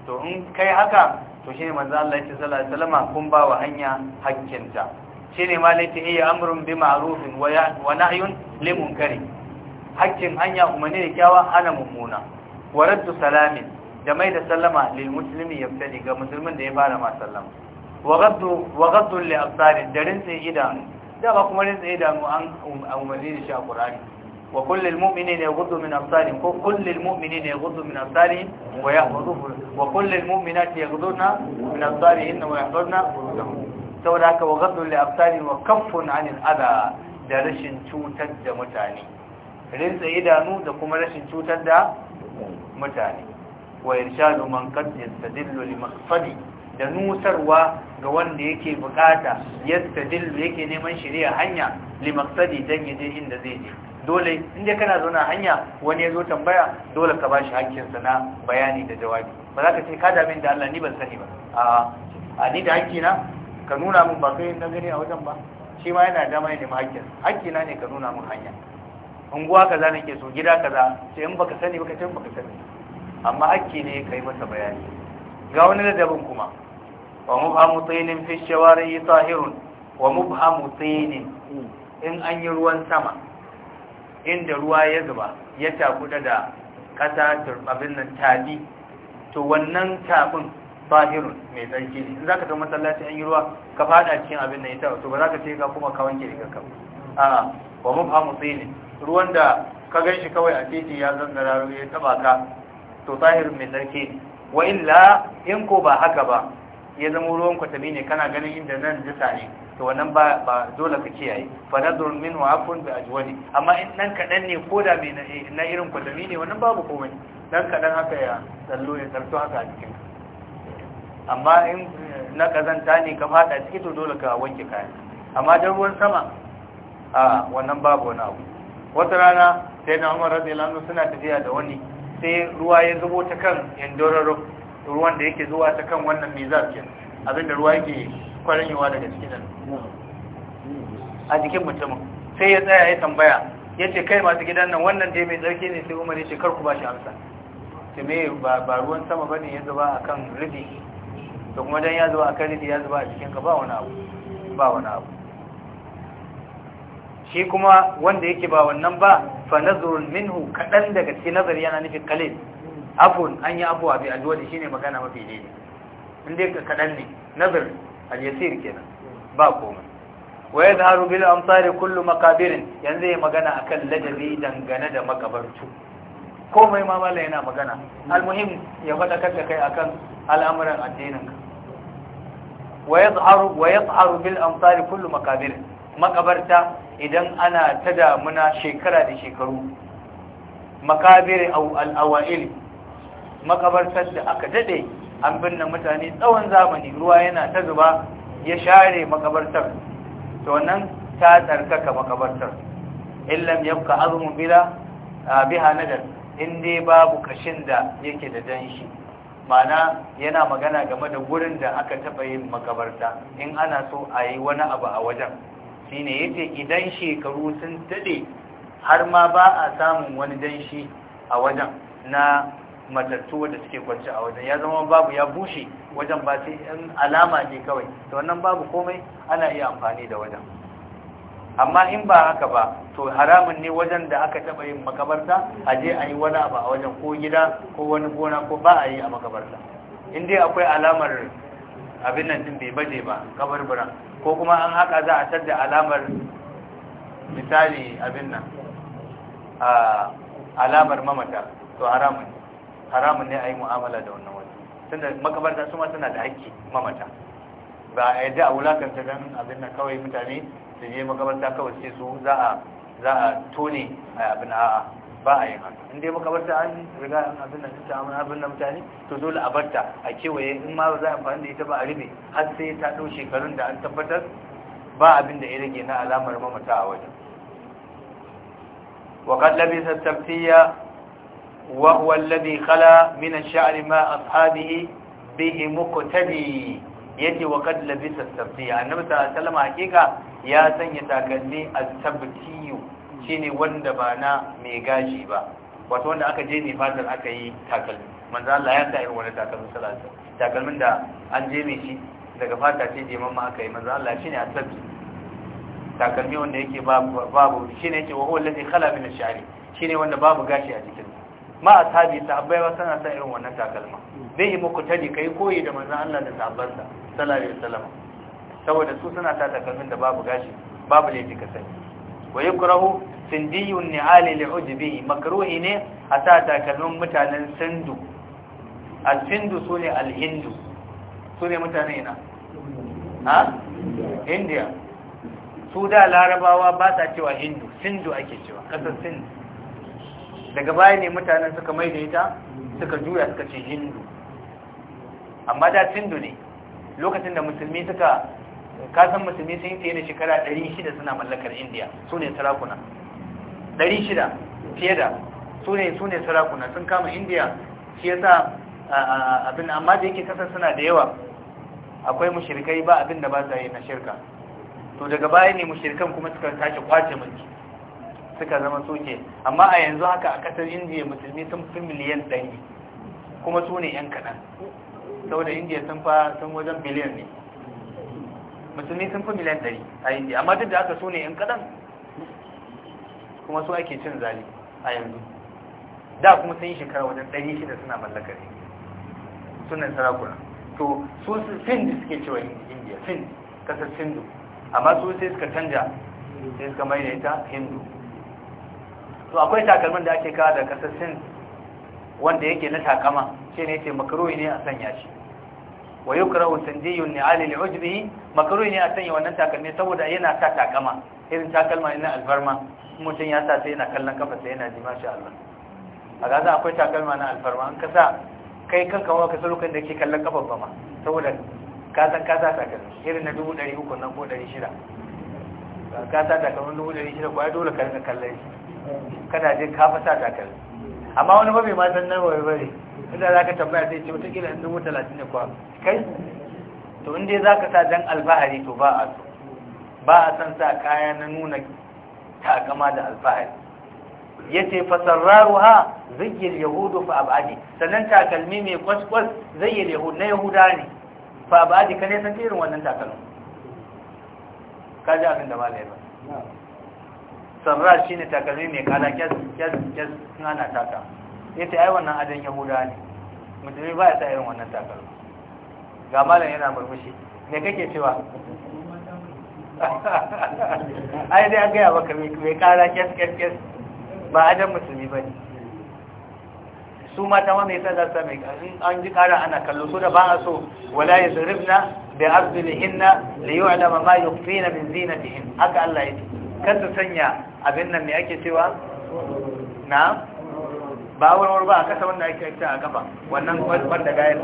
to in kai haka to shine manzo Allah ya ce sallallahu alaihi wasallam kun ba wa hanya haƙƙinta shine ma laifi iya amrun bi ma'rufin wa nahyun lil kare? hakkin hanya umarni da kyawa hana mummuna wa raddu salamin da mai da sallama lil muslimi yabtadi ga musulmin da ya fara ma sallama wa gaddu wa gaddu li absarin da rinsa idanu da ba kuma rinsa idanu an umarni da shi a qur'ani wa kullul mu'minina yaghuddu min absarihim ko kullul mu'minina yaghuddu min absarihim wa yahfazu wa kullul mu'minati yaghuduna min absarihin wa yahfazna saboda haka wa gaddu li absarin wa kaffun 'anil adha da rashin cutar da mutane rinsa idanu da kuma rashin cutar da mutane wa irshadu man kad yastadillu li maqsadi da nusarwa ga wanda yake bukata yastadillu yake neman shari'a hanya li maqsadi dan yaje inda zai je dole inda kana zauna hanya wani ya zo tambaya dole ka bashi sa na bayani da jawabi ba za ka ce ka damin da Allah ni ban sani ba a a ni da hakki na ka nuna min ba kai na gani a wajen ba shi ma yana dama ya nemi hakkin na ne ka nuna min hanya unguwa kaza nake so gida kaza sai in baka sani baka can baka sani amma hakki ne kai masa bayani ga wani ladabin kuma wa mubhamu taynin fi shawari tahirun wa mubhamu taynin in an yi ruwan sama inda ruwa ya zuba ya takuda da kasa turbabin nan tabi to wannan tabin bahirun mai tsarki ne in zaka ga masallaci an yi ruwa ka fada cikin abin nan ita to ba za ka ce ka kuma ka wanke rigar ka a wa mubhamu taynin ruwan da ka gan shi kawai a titi ya zangara ya taba ka to tahirin mai tsarki wa illa in ko ba haka ba ya zama ruwan kwatami ne kana ganin inda nan jisa ne to wannan ba ba dole ka kiyaye fa min wa afun bi ajwani amma in nan kadan ne ko da mai eh, na irin kwatami ne wannan babu komai dan kadan haka ya sallo ya tsarto haka a cikin amma in na kazanta ne ka fada ciki to dole ka wanke kayan amma dan ruwan sama a wannan babu wani abu wata rana sai na umar radiyallahu anhu suna tafiya da wani sai ruwa ya zubo ta kan indororo ruwan da yake zuwa ta kan wannan mizab kenan abinda ruwa yake kwaranyewa daga cikin nan a jikin mutumin sai ya tsaya ya tambaya ya ce kai masu gidan nan wannan dai mai tsarki ne sai umar ya ce karku ba shi amsa ce me ba ruwan sama ba ne ya zuba a kan rufi da kuma don ya zuba a kan rufi ya zuba a cikin ka ba wani abu ba wani abu shi kuma wanda yake ba wannan ba fa nazrun minhu kadan daga cikin nazari yana nufin kalil afun an yi abuwa bi alwadi shine magana mafi daidai dai kadan ne nazar al-yasir kenan ba komai wa yadharu bil amsari kullu maqabirin yanzu ya magana akan ladabi dangane da makabartu komai ma mala yana magana almuhim ya faɗa kanka kai akan al'amuran addininka wa yadharu wa yadharu bil amsari kullu maqabirin makabarta idan ana ta damuna shekara da shekaru makabir al-awa'il makabartar da aka daɗe an binne mutane tsawon zamani ruwa yana ta zuba ya share makabartar to wannan ta tsarkaka makabartar illam yabqa azmun bila biha nadar dai babu kashin da yake da danshi mana yana magana game da gurin da aka taɓa yin makabarta in ana so a yi wani abu a wajen ya ce idan shekaru sun tade har ma ba a samun wani danshi a wajen na matattu da suke kwanci a wajen ya zama babu ya bushe wajen ba sai in alama ne kawai to wannan babu komai ana iya amfani da wajen amma in ba haka ba to haramun ne wajen da aka taba yin makabarta a je a yi wani abu a wajen ko gida ko wani gona ko ba a yi a makabarta in dai akwai alamar abin nan din bai baje ba kabarbara ko kuma an haka za a tadda alamar misali abin nan a alamar mamata to haramun haramun ne a yi mu'amala da wannan wani tunda makabarta su ma tana da haƙƙi mamata ba a yadda a wulakanta don abin nan kawai mutane su je makabarta kawai sai su za a tone abin a'a ba a yi haka in dai makabarta an riga an abin da ta amana abin da mutane to dole a barta a kewaye in ma za a amfani da ita ba a rube har sai ta ɗau shekarun da an tabbatar ba abin da ya rage na alamar mamata a wajen wa kan labi at-tabtiya wa huwa alladhi khala min ash-sha'r ma ashabihi bihi muqtadi yake wa kan labi at-tabtiya annabi sallallahu alaihi wasallam hakika ya sanya takalmi a tabtiyu shine wanda ba na mai gashi ba wato wanda aka je nifazar fatar aka yi takalmi manzo Allah ya sa irin wani takalmin salatu takalmin da an je mai shi daga fata ce je mamma aka yi manzo Allah shine asabi takalmi wanda yake babu shine yake wa huwa alladhi khala min ash-sha'ri shine wanda babu gashi a jikin ma ashabi sahabbai ba sana sa irin wannan takalma zai yi muku tadi kai koyi da manzo Allah da sahabbansa sallallahu alaihi wasallam saboda su suna ta takalmin da babu gashi babu laifi ka sani wa yukrahu sindiyun ni'ali li'ujbihi makruhi ne a sa takalmin mutanen sindu al-sindu sune al-hindu sune mutane ina ha india su da larabawa ba sa cewa hindu sindu ake cewa kasar sindu daga baya ne mutanen suka maida ita suka juya suka ce hindu amma da sindu ne lokacin da musulmi suka ka san musulmi sun fiye da shekara 600 suna mallakar indiya su ne sarakuna 600 fiye da su ne su ne sarakuna sun kama indiya shi yasa abin amma da yake kasar suna da yawa akwai mushrikai ba abin da ba sa yi na shirka to daga baya ne mushrikan kuma suka tashi kwace mulki suka zama soke amma a yanzu haka a kasar indiya musulmi sun fi miliyan ɗari kuma su ne 'yan kaɗan saboda indiya sun fa sun wajen biliyan ne musulmi sun fi miliyan ɗari a yanzu amma duk da aka so ne yan kaɗan kuma su ake cin zali a yanzu da kuma sun yi shekara wajen ɗari shida suna mallakar sunan sarakuna to su sind suke cewa indiya sind kasar hindu amma su sai suka canja sai suka mai da ita hindu to akwai takalmin da ake kawo da kasar sind wanda yake na takama shi ne ce makaroyi ne a sanya shi wa yukrahu tanjiyun ni'al al'ujbi makruh ne a sanya wannan takalmi saboda yana sa takama irin takalma ina alfarma mutum ya sa sai yana kallon kafa sai yana ji masha Allah a gaza akwai takalma na alfarma an kasa kai kanka ma ka sarukan da ke kallon kafa ba ma saboda ka san ka sa takalmi irin na 300 nan ko 600 ka sa ɗari shida ko ai dole ka rinka kallon shi kana jin ka fa sa takalmi amma wani ba bai ma san nan bare inda za ka tambaya sai ce watakila in dubu talatin ne kwa kai to in dai za ka sa jan alfahari to ba a so ba a san sa kaya na nuna takama da alfahari ya ce fasarraru ha zayyar yahudu fa abadi sannan takalmi mai kwaskwas zayyar yahudu na yahuda ne fa abadi ka ne san irin wannan takalmi ka ji abin da ba laifin sarrar shi ne takalmi mai kala kyas kyas kyas ana taka ya ce ai wannan adon yahuda ne musulmi ba ya sa irin wannan takalma ga malam yana murmushi me kake cewa ai dai an gaya maka mai kara kes kes kes ba adon musulmi ba ne su mata ma mai sada sa mai an ji kara ana kallo su da ba a so wala ya zuribna da arzulihinna da yi wa ma yi na min zinatihin haka Allah ya ce kan su sanya abin nan mai ake cewa na ba warwar ba a kasa wanda ake aikata a kafa wannan wanda gayar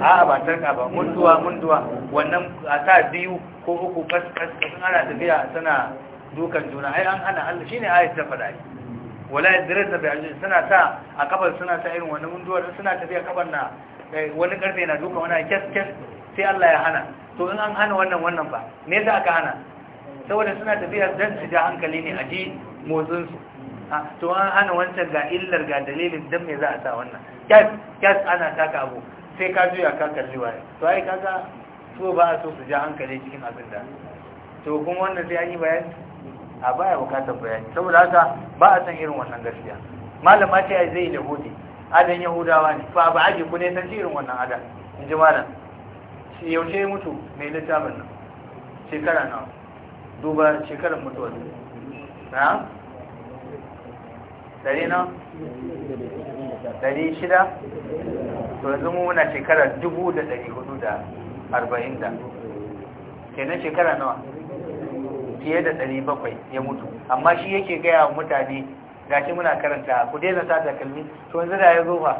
a ba tarka ba munduwa munduwa wannan a sa biyu ko uku kas kas ana tafiya suna dukan juna ai an hana Allah shine ayat ta faɗa wala yadrasa bi ajin suna sa a kafar suna sa irin wannan munduwa suna tafiya kafar na eh, wani karfe na dukan wani kes kes sai Allah ya hana to in an hana wannan wannan ba me yasa aka hana saboda suna tafiya dan su ja hankali ne a ji motsin su to an hana wancan ga illar ga dalilin dan me za a sa wannan kyas kyas ana taka abu sai ka juya ka kalli waye to ai kaga so ba a so su ja hankali cikin abin da to kuma wannan sai an yi bayani a baya bukatar bayani saboda haka ba a san irin wannan gaskiya malama ce ai zai da hudi adan yahudawa ne fa ba aje ku ne san irin wannan ada in ji malam shi yaushe mutu mai littafin nan shekara nawa duba shekarar mutuwar na dari na? dari shida to yanzu mu muna shekara dubu da dari hudu da arba'in da kenan shekara nawa fiye da dari bakwai ya mutu amma shi yake gaya wa mutane gashi muna karanta ku daina sa takalmi to yanzu da ya zo fa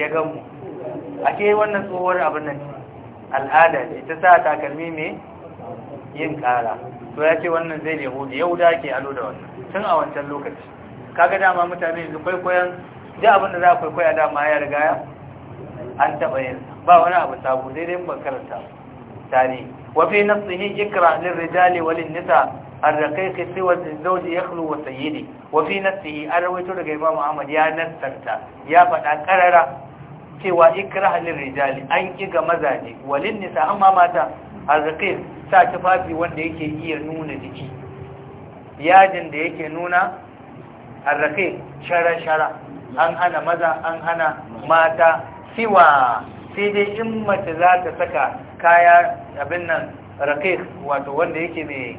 ya gan mu ake wannan tsohuwar abin nan al'ada ce ta sa takalmi mai yin kara to ya ce wannan zai ne hudu yau da ake alo da wannan tun a wancan lokaci kaga dama mutane yanzu kwaikwayon duk abin da za a kwaikwaya dama ya riga ya? an taɓa yin ba wani abu sabu daidai ba karanta tare wafi nafsihi ikra lil rijali wal nisa الرقيق سوى الزوج يخلو وسيدي وفي نفسه أرويت لك إمام أحمد يا نسرت يا فتى قرر سوى إكره للرجال أن إيقى مزاجي وللنساء أما مات الرقيق ساتفافي wanda yake إيه نون ديكي yajin da yake nuna harrake shara-shara an hana maza an hana mata siwa sai dai in mace za ta saka kaya abin nan rake wato wanda yake mai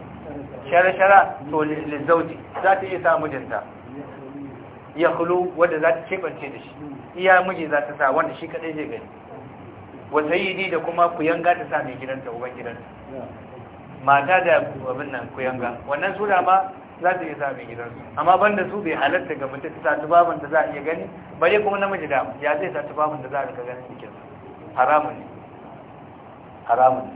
shara-shara to lizauti za ta iya sa mijinta ya kulu wanda za ta keɓance da shi iya miji za ta sa wanda shi kadai zai gani wata yi da kuma ku yanga ta sa mai gidanta uban gidanta mata da abin nan kuyanga wannan sura ma za ta iya sa mai gidansu amma banda su bai halatta ga mutum ta tubabin da za a iya gani bare kuma namiji da ya zai ta tubabin da za a rika ganin jikinsa haramun ne haramun ne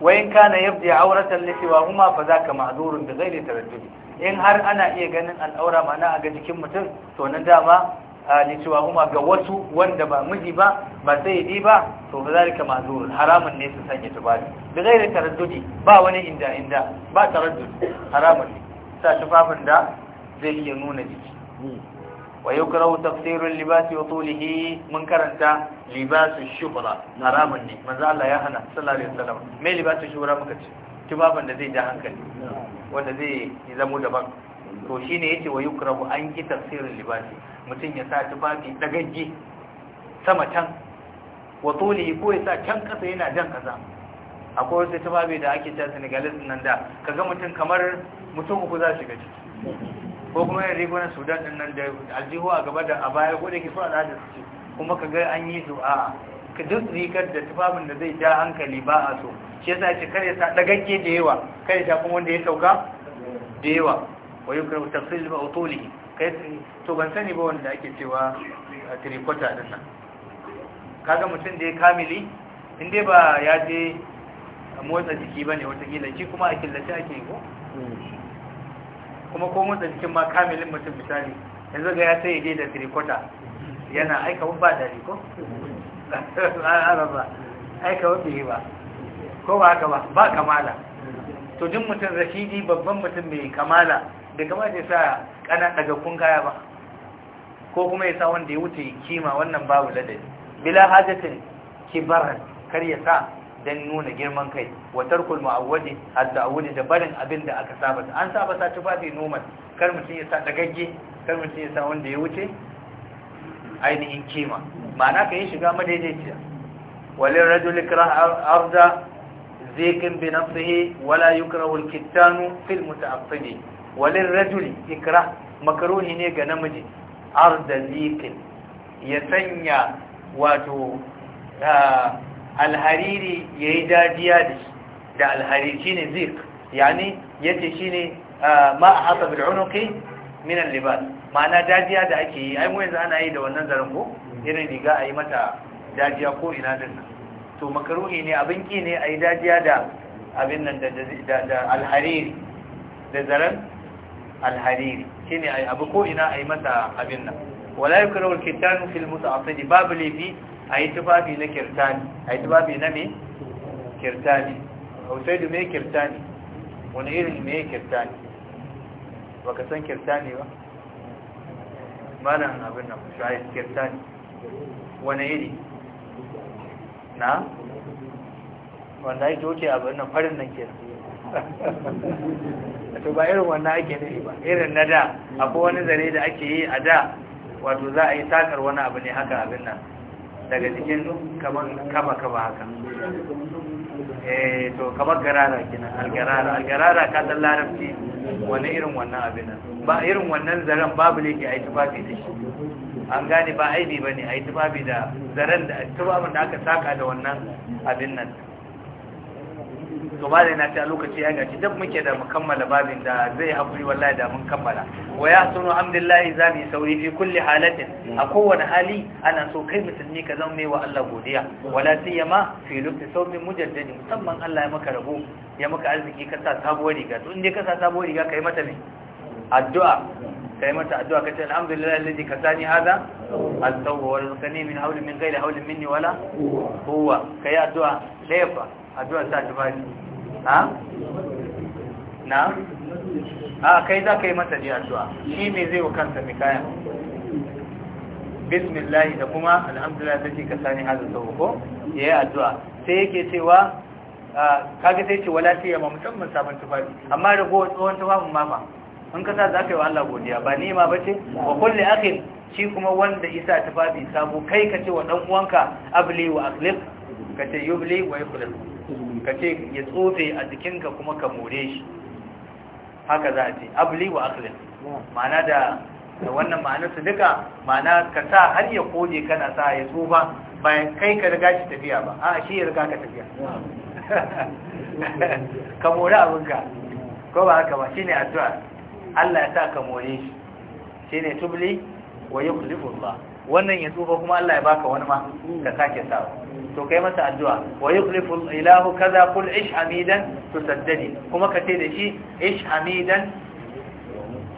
wayin kana yabdi auratan lifiwa huma fa zaka ma'zurun zai ne taraddud in har ana iya ganin al'aura na a ga jikin mutum to nan dama ne cewa kuma ga wasu wanda ba miji ba ba sai yi ba to fa zalika mazur haramun ne su sanya tufafi da gairi taraddudi ba wani inda inda ba taraddudi haramun ne sa tufafin da zai iya nuna jiki wa yukrahu tafsirul libasi wa tulihi mun karanta libasu shubra haramun ne manzo Allah ya hana sallallahu alaihi wasallam me libasu shubra muka ce tufafin da zai ja hankali wanda zai zama daban to shine yace wa yukrahu an ki tafsirul libasi mutum ya sa tufafi dagagge sama can wa tuli ko ya sa can kasa yana jan kasa akwai wasu tufafi da ake ta Senegalese nan da kaga mutum kamar mutum uku za shiga ciki ko kuma yin na Sudan din nan da aljihu a gaba da a baya ko da ke so al'ada su ce kuma ga an yi su a ka duk rigar da tufafin da zai ja hankali ba a so shi yasa ce ya sa dagagge da yawa kare ta kuma wanda ya sauka da yawa wa yukrahu tafsil ba utuli to ban sani ba wanda ake cewa a tirikota din nan kaga mutum da ya kamili inda ba ya je motsa jiki ba ne watakila Ki kuma a killace ake yi ko kuma ko motsa jikin ma kamilin mutum misali yanzu ga ya sai ya je da tirikota yana aika ba dari ko aika wata yi ba ko ba haka ba ba kamala to jin mutum rashidi babban mutum mai kamala bai kamata ya sa kana kun kaya ba ko kuma ya sa wanda ya wuce kima wannan babu ladabi bila hajatin kibaran kar ya sa dan nuna girman kai wa tarkul mu'awwadi at awudi da barin abin da aka saba an saba sa tufafi noma kar mutum ya sa dagagge kar mutum ya sa wanda ya wuce ainihin kima ma'ana ka yi shiga madaidaiciya walin rajul ikrah arda zikin bi nafsihi wala yukrahu al fil muta'affidi walin rajuli ikra makaruhi ne ga namiji arzalikin ya sanya wato alhariri ya yi dajiya da shi da alhariri shi ne zik yani ce shi ne ma a hasa bil'unuki minan libas ma'ana dajiya da ake yi ai mu yanzu ana yi da wannan zaren ko irin riga a yi mata dajiya ko ina din nan to makaruhi ne abin ki ne a yi dajiya da abin nan da alhariri da zaren alhariri shine ai abu ko ina yi masa abin nan wala yukrahu alkitanu fil muta'assidi babu lifi ai tufafi na kirtani ai tufafi na me kirtani hausaidu me kirtani wani irin me kirtani Ba ka san kirtani ba malam abin nan shi kirtani wani iri na wanda ya doke abin nan farin nan kirtani to ba irin wannan ake ne ba irin na da akwai wani zare da ake yi a da wato za a yi takar wani abu ne haka abin nan daga cikin kama kama haka eh to kamar garara kenan algarara algarara ka san larabci wani irin wannan abin nan ba irin wannan zaren babu ne ke a yi tufafi da shi an gane ba aibi ba ne a yi tufafi da zaren da tufafin da aka saka da wannan abin nan to ba da na ta lokaci ya gaci duk muke da mukammala babin da zai haƙuri wallahi da mun kammala wa ya sunu alhamdulillah za mu sauri fi kulli halatin a kowane hali ana so kai musulmi ka zama mai wa Allah godiya wala siyama fi lutti sawmin mujaddadi musamman Allah ya maka rabo ya maka arziki ka sa sabuwar riga to inde ka sa sabuwar riga kai mata ne addu'a kai mata addu'a kace alhamdulillah alladhi kasani hada al tawwa wal kani min hawlin min ghairi hawlin minni wala huwa kai addu'a laifa addu'a ta ta baki ha na ah kai za ka yi masa ne addu'a shi me zai wa kansa mai kaya? bismillah da kuma alhamdulillah sai ka sani hada sau ko yayi addu'a sai yake cewa kaga sai ce wala ta ma musamman sabon tufafi amma rago tsohon tufafin mama in ka sa za ka yi wa Allah godiya ba ni ma bace wa kulli akhin shi kuma wanda isa tufafi sabo kai ka ce wa dan uwanka abli wa akhlif ka ce yubli wa yukhlif ka ce ya tsofe a jikinka kuma ka more shi haka za a ce abli wa akhlif ma'ana da wannan ma'anar su duka ma'ana ka sa har ya kode kana sa ya tsufa bayan kai ka riga shi tafiya ba a shi ya riga ka tafiya ka more abinka ko ba haka ba shine addu'a Allah ya sa ka more shi shine tubli wa yukhlifullah wannan ya tsufa kuma Allah ya baka wani ma ka sake sa. to kai masa addu'a wa yukhlifu ilahu kaza qul ish hamidan tusaddadi kuma ka ce da shi ish hamidan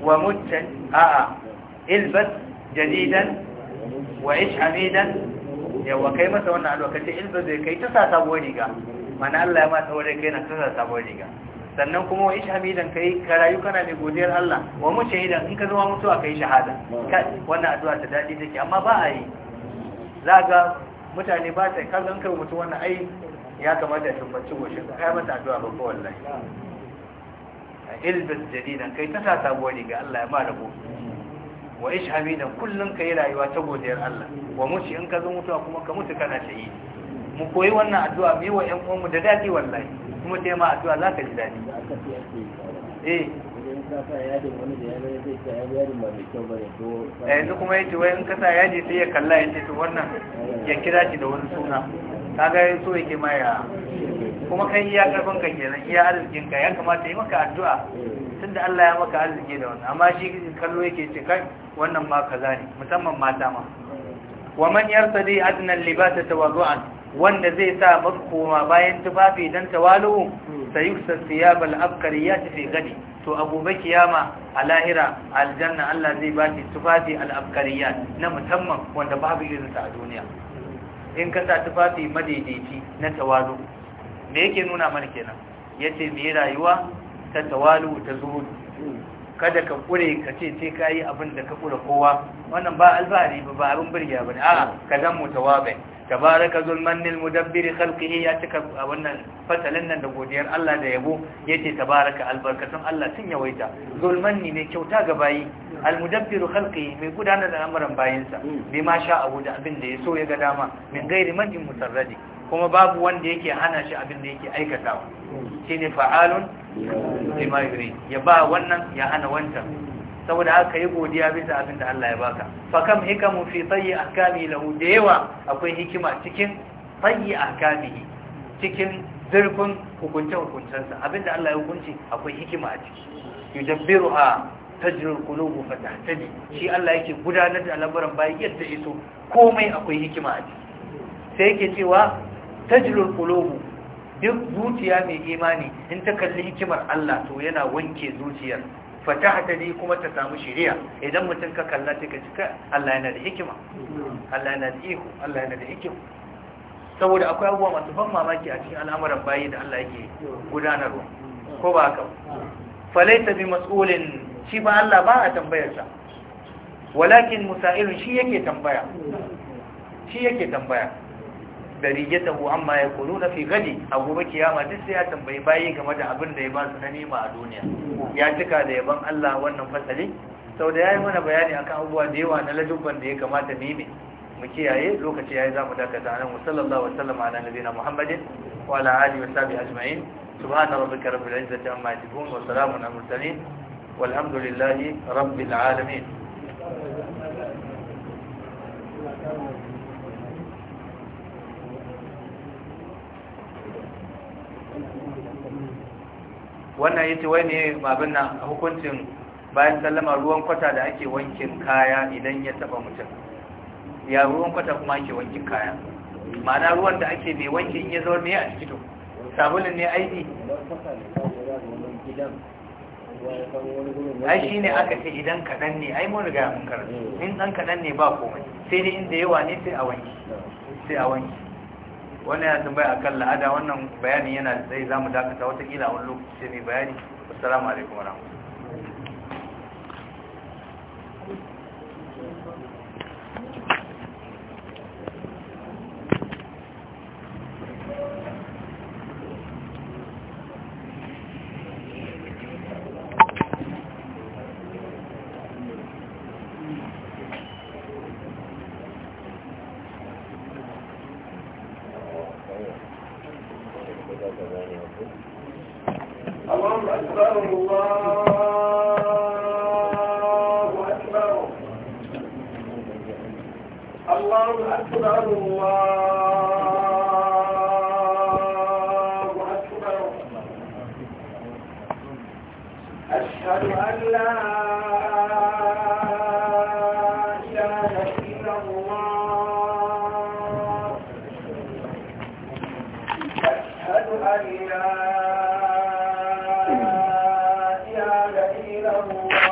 wa muttan a'a ilbas jadidan wa ish hamidan yawa kai masa wannan addu'a ce ilbas zai kai ta sa sabuwar riga mana Allah ya ma tsawon kai na ta sa sabuwar riga sannan kuma wa Ish hamidan ka yi karayu kana mai godiyar Allah wa mu shahidan in ka zama mutuwa ka yi shahada wannan addu'a ta daɗi take amma ba a yi za ga mutane ba ta kallon kai mutu wannan ai ya kamata ya tabbaci ka kai mata addu'a ba ko wallahi ilbis jadidan kai ta sa sabuwar riga Allah ya ma rabo wa ish hamida kullun kai rayuwa ta godiyar Allah wa mushi in ka zo mutuwa kuma ka mutu kana yi. mu koyi wannan addu'a mu yi wa ƴan uwanmu da dadi wallahi kuma sai ma addu'a za ka ji dadi eh a yanzu kuma ya ce wai in kasa yaji sai ya kalla ya ce wannan ya kira shi da wani suna kaga ya so yake maya kuma kan iya karfin ka iya arzikin ka ya kamata yi maka addu'a tun da Allah ya maka arziki da wannan amma shi kallo yake ce kai wannan ma kaza ne musamman mata ma wa man yartadi adnan libasa tawaddu'an wanda zai sa makoma bayan tufafi don tawalu hmm. sai sassiya bal'abkari ya tafi gani to abubuwa kiyama a lahira aljanna Allah zai ba shi tufafi al'abkariya na musamman wanda babu irinsa a duniya in ka sa tufafi madaidaici na tawalu me yake nuna mana kenan ya ce me rayuwa ta tawalu ta zuhudu kada ka kure ka ce ce ka yi abin da ka kure kowa wannan ba alfahari ba abin birgiya ba ne a ka zan mu tawabe. tabaraka zulmannil mudabbiri khalqihi ya cika a wannan fasalin nan da godiyar Allah da yabo yace tabaraka albarkatun Allah sun yawaita zulmanni ne kyauta ga bayi almudabbiru khalqihi mai gudanar da al'amuran bayinsa bima sha a da abin da ya so ya ga dama min gairi in musarradi kuma babu wanda yake hana shi abin da yake aikatawa shine fa'alun bima yuri ya ba wannan ya hana wancan saboda haka yi godiya bisa abin da Allah ya baka fa kam hikamu fi tayyi ahkami lahu da yawa akwai hikima cikin tayyi ahkamihi cikin zurfin hukunce hukuncensa abinda Allah ya hukunci akwai hikima a ciki a tajrul qulubu tahtadi shi Allah yake gudanar da al'amuran bayan yadda iso komai akwai hikima a ciki sai yake cewa tajrul qulubu duk zuciya mai imani in ta kalli hikimar Allah to yana wanke zuciyar fatahtadi kuma ta samu shiriya idan mutum ka kalla sai ka ji Allah yana da hikima Allah yana da iko Allah yana da hikima saboda akwai abubuwa masu ban mamaki a cikin al'amuran bayi da Allah yake gudanarwa ko ba haka falaita bi mas'ulin shi ba Allah ba a tambayar tambayarsa walakin musa'ilun shi yake tambaya shi yake tambaya dariyatahu amma yakununa fi gadi a gobe kiyama duk sai ya tambayi bayi game da abin da ya ba su na nima a duniya ya cika da yaban Allah wannan fasali sau da ya yi mana bayani akan abubuwa da yawa na ladubban da ya kamata mu yi mu kiyaye lokaci ya yi yayi zamu dakata nan sallallahu alaihi wasallam ala nabiyina muhammadin wa ala alihi wa sahbihi ajma'in subhana rabbika rabbil izzati amma yasifun wa salamun alal mursalin walhamdulillahi rabbil alamin Thank you. wannan yace wai ne babin nan hukuncin bayan sallama ruwan kwata da ake wankin kaya idan ya taba mutum ya ruwan kwata kuma ake wankin kaya ma'ana ruwan da ake mai wanki in ya zama mai a cikin sabulin ne aiki ai shi ne aka ce idan kaɗan ne ai mun riga mun karanta in ɗan kaɗan ne ba komai sai dai inda yawa ne sai a wanki sai a wanki wannan ya tambaya akan la'ada wannan bayanin yana da tsaye za mu dakata watakila a wani lokaci mai bayani assalamu alaikum warahmatullahi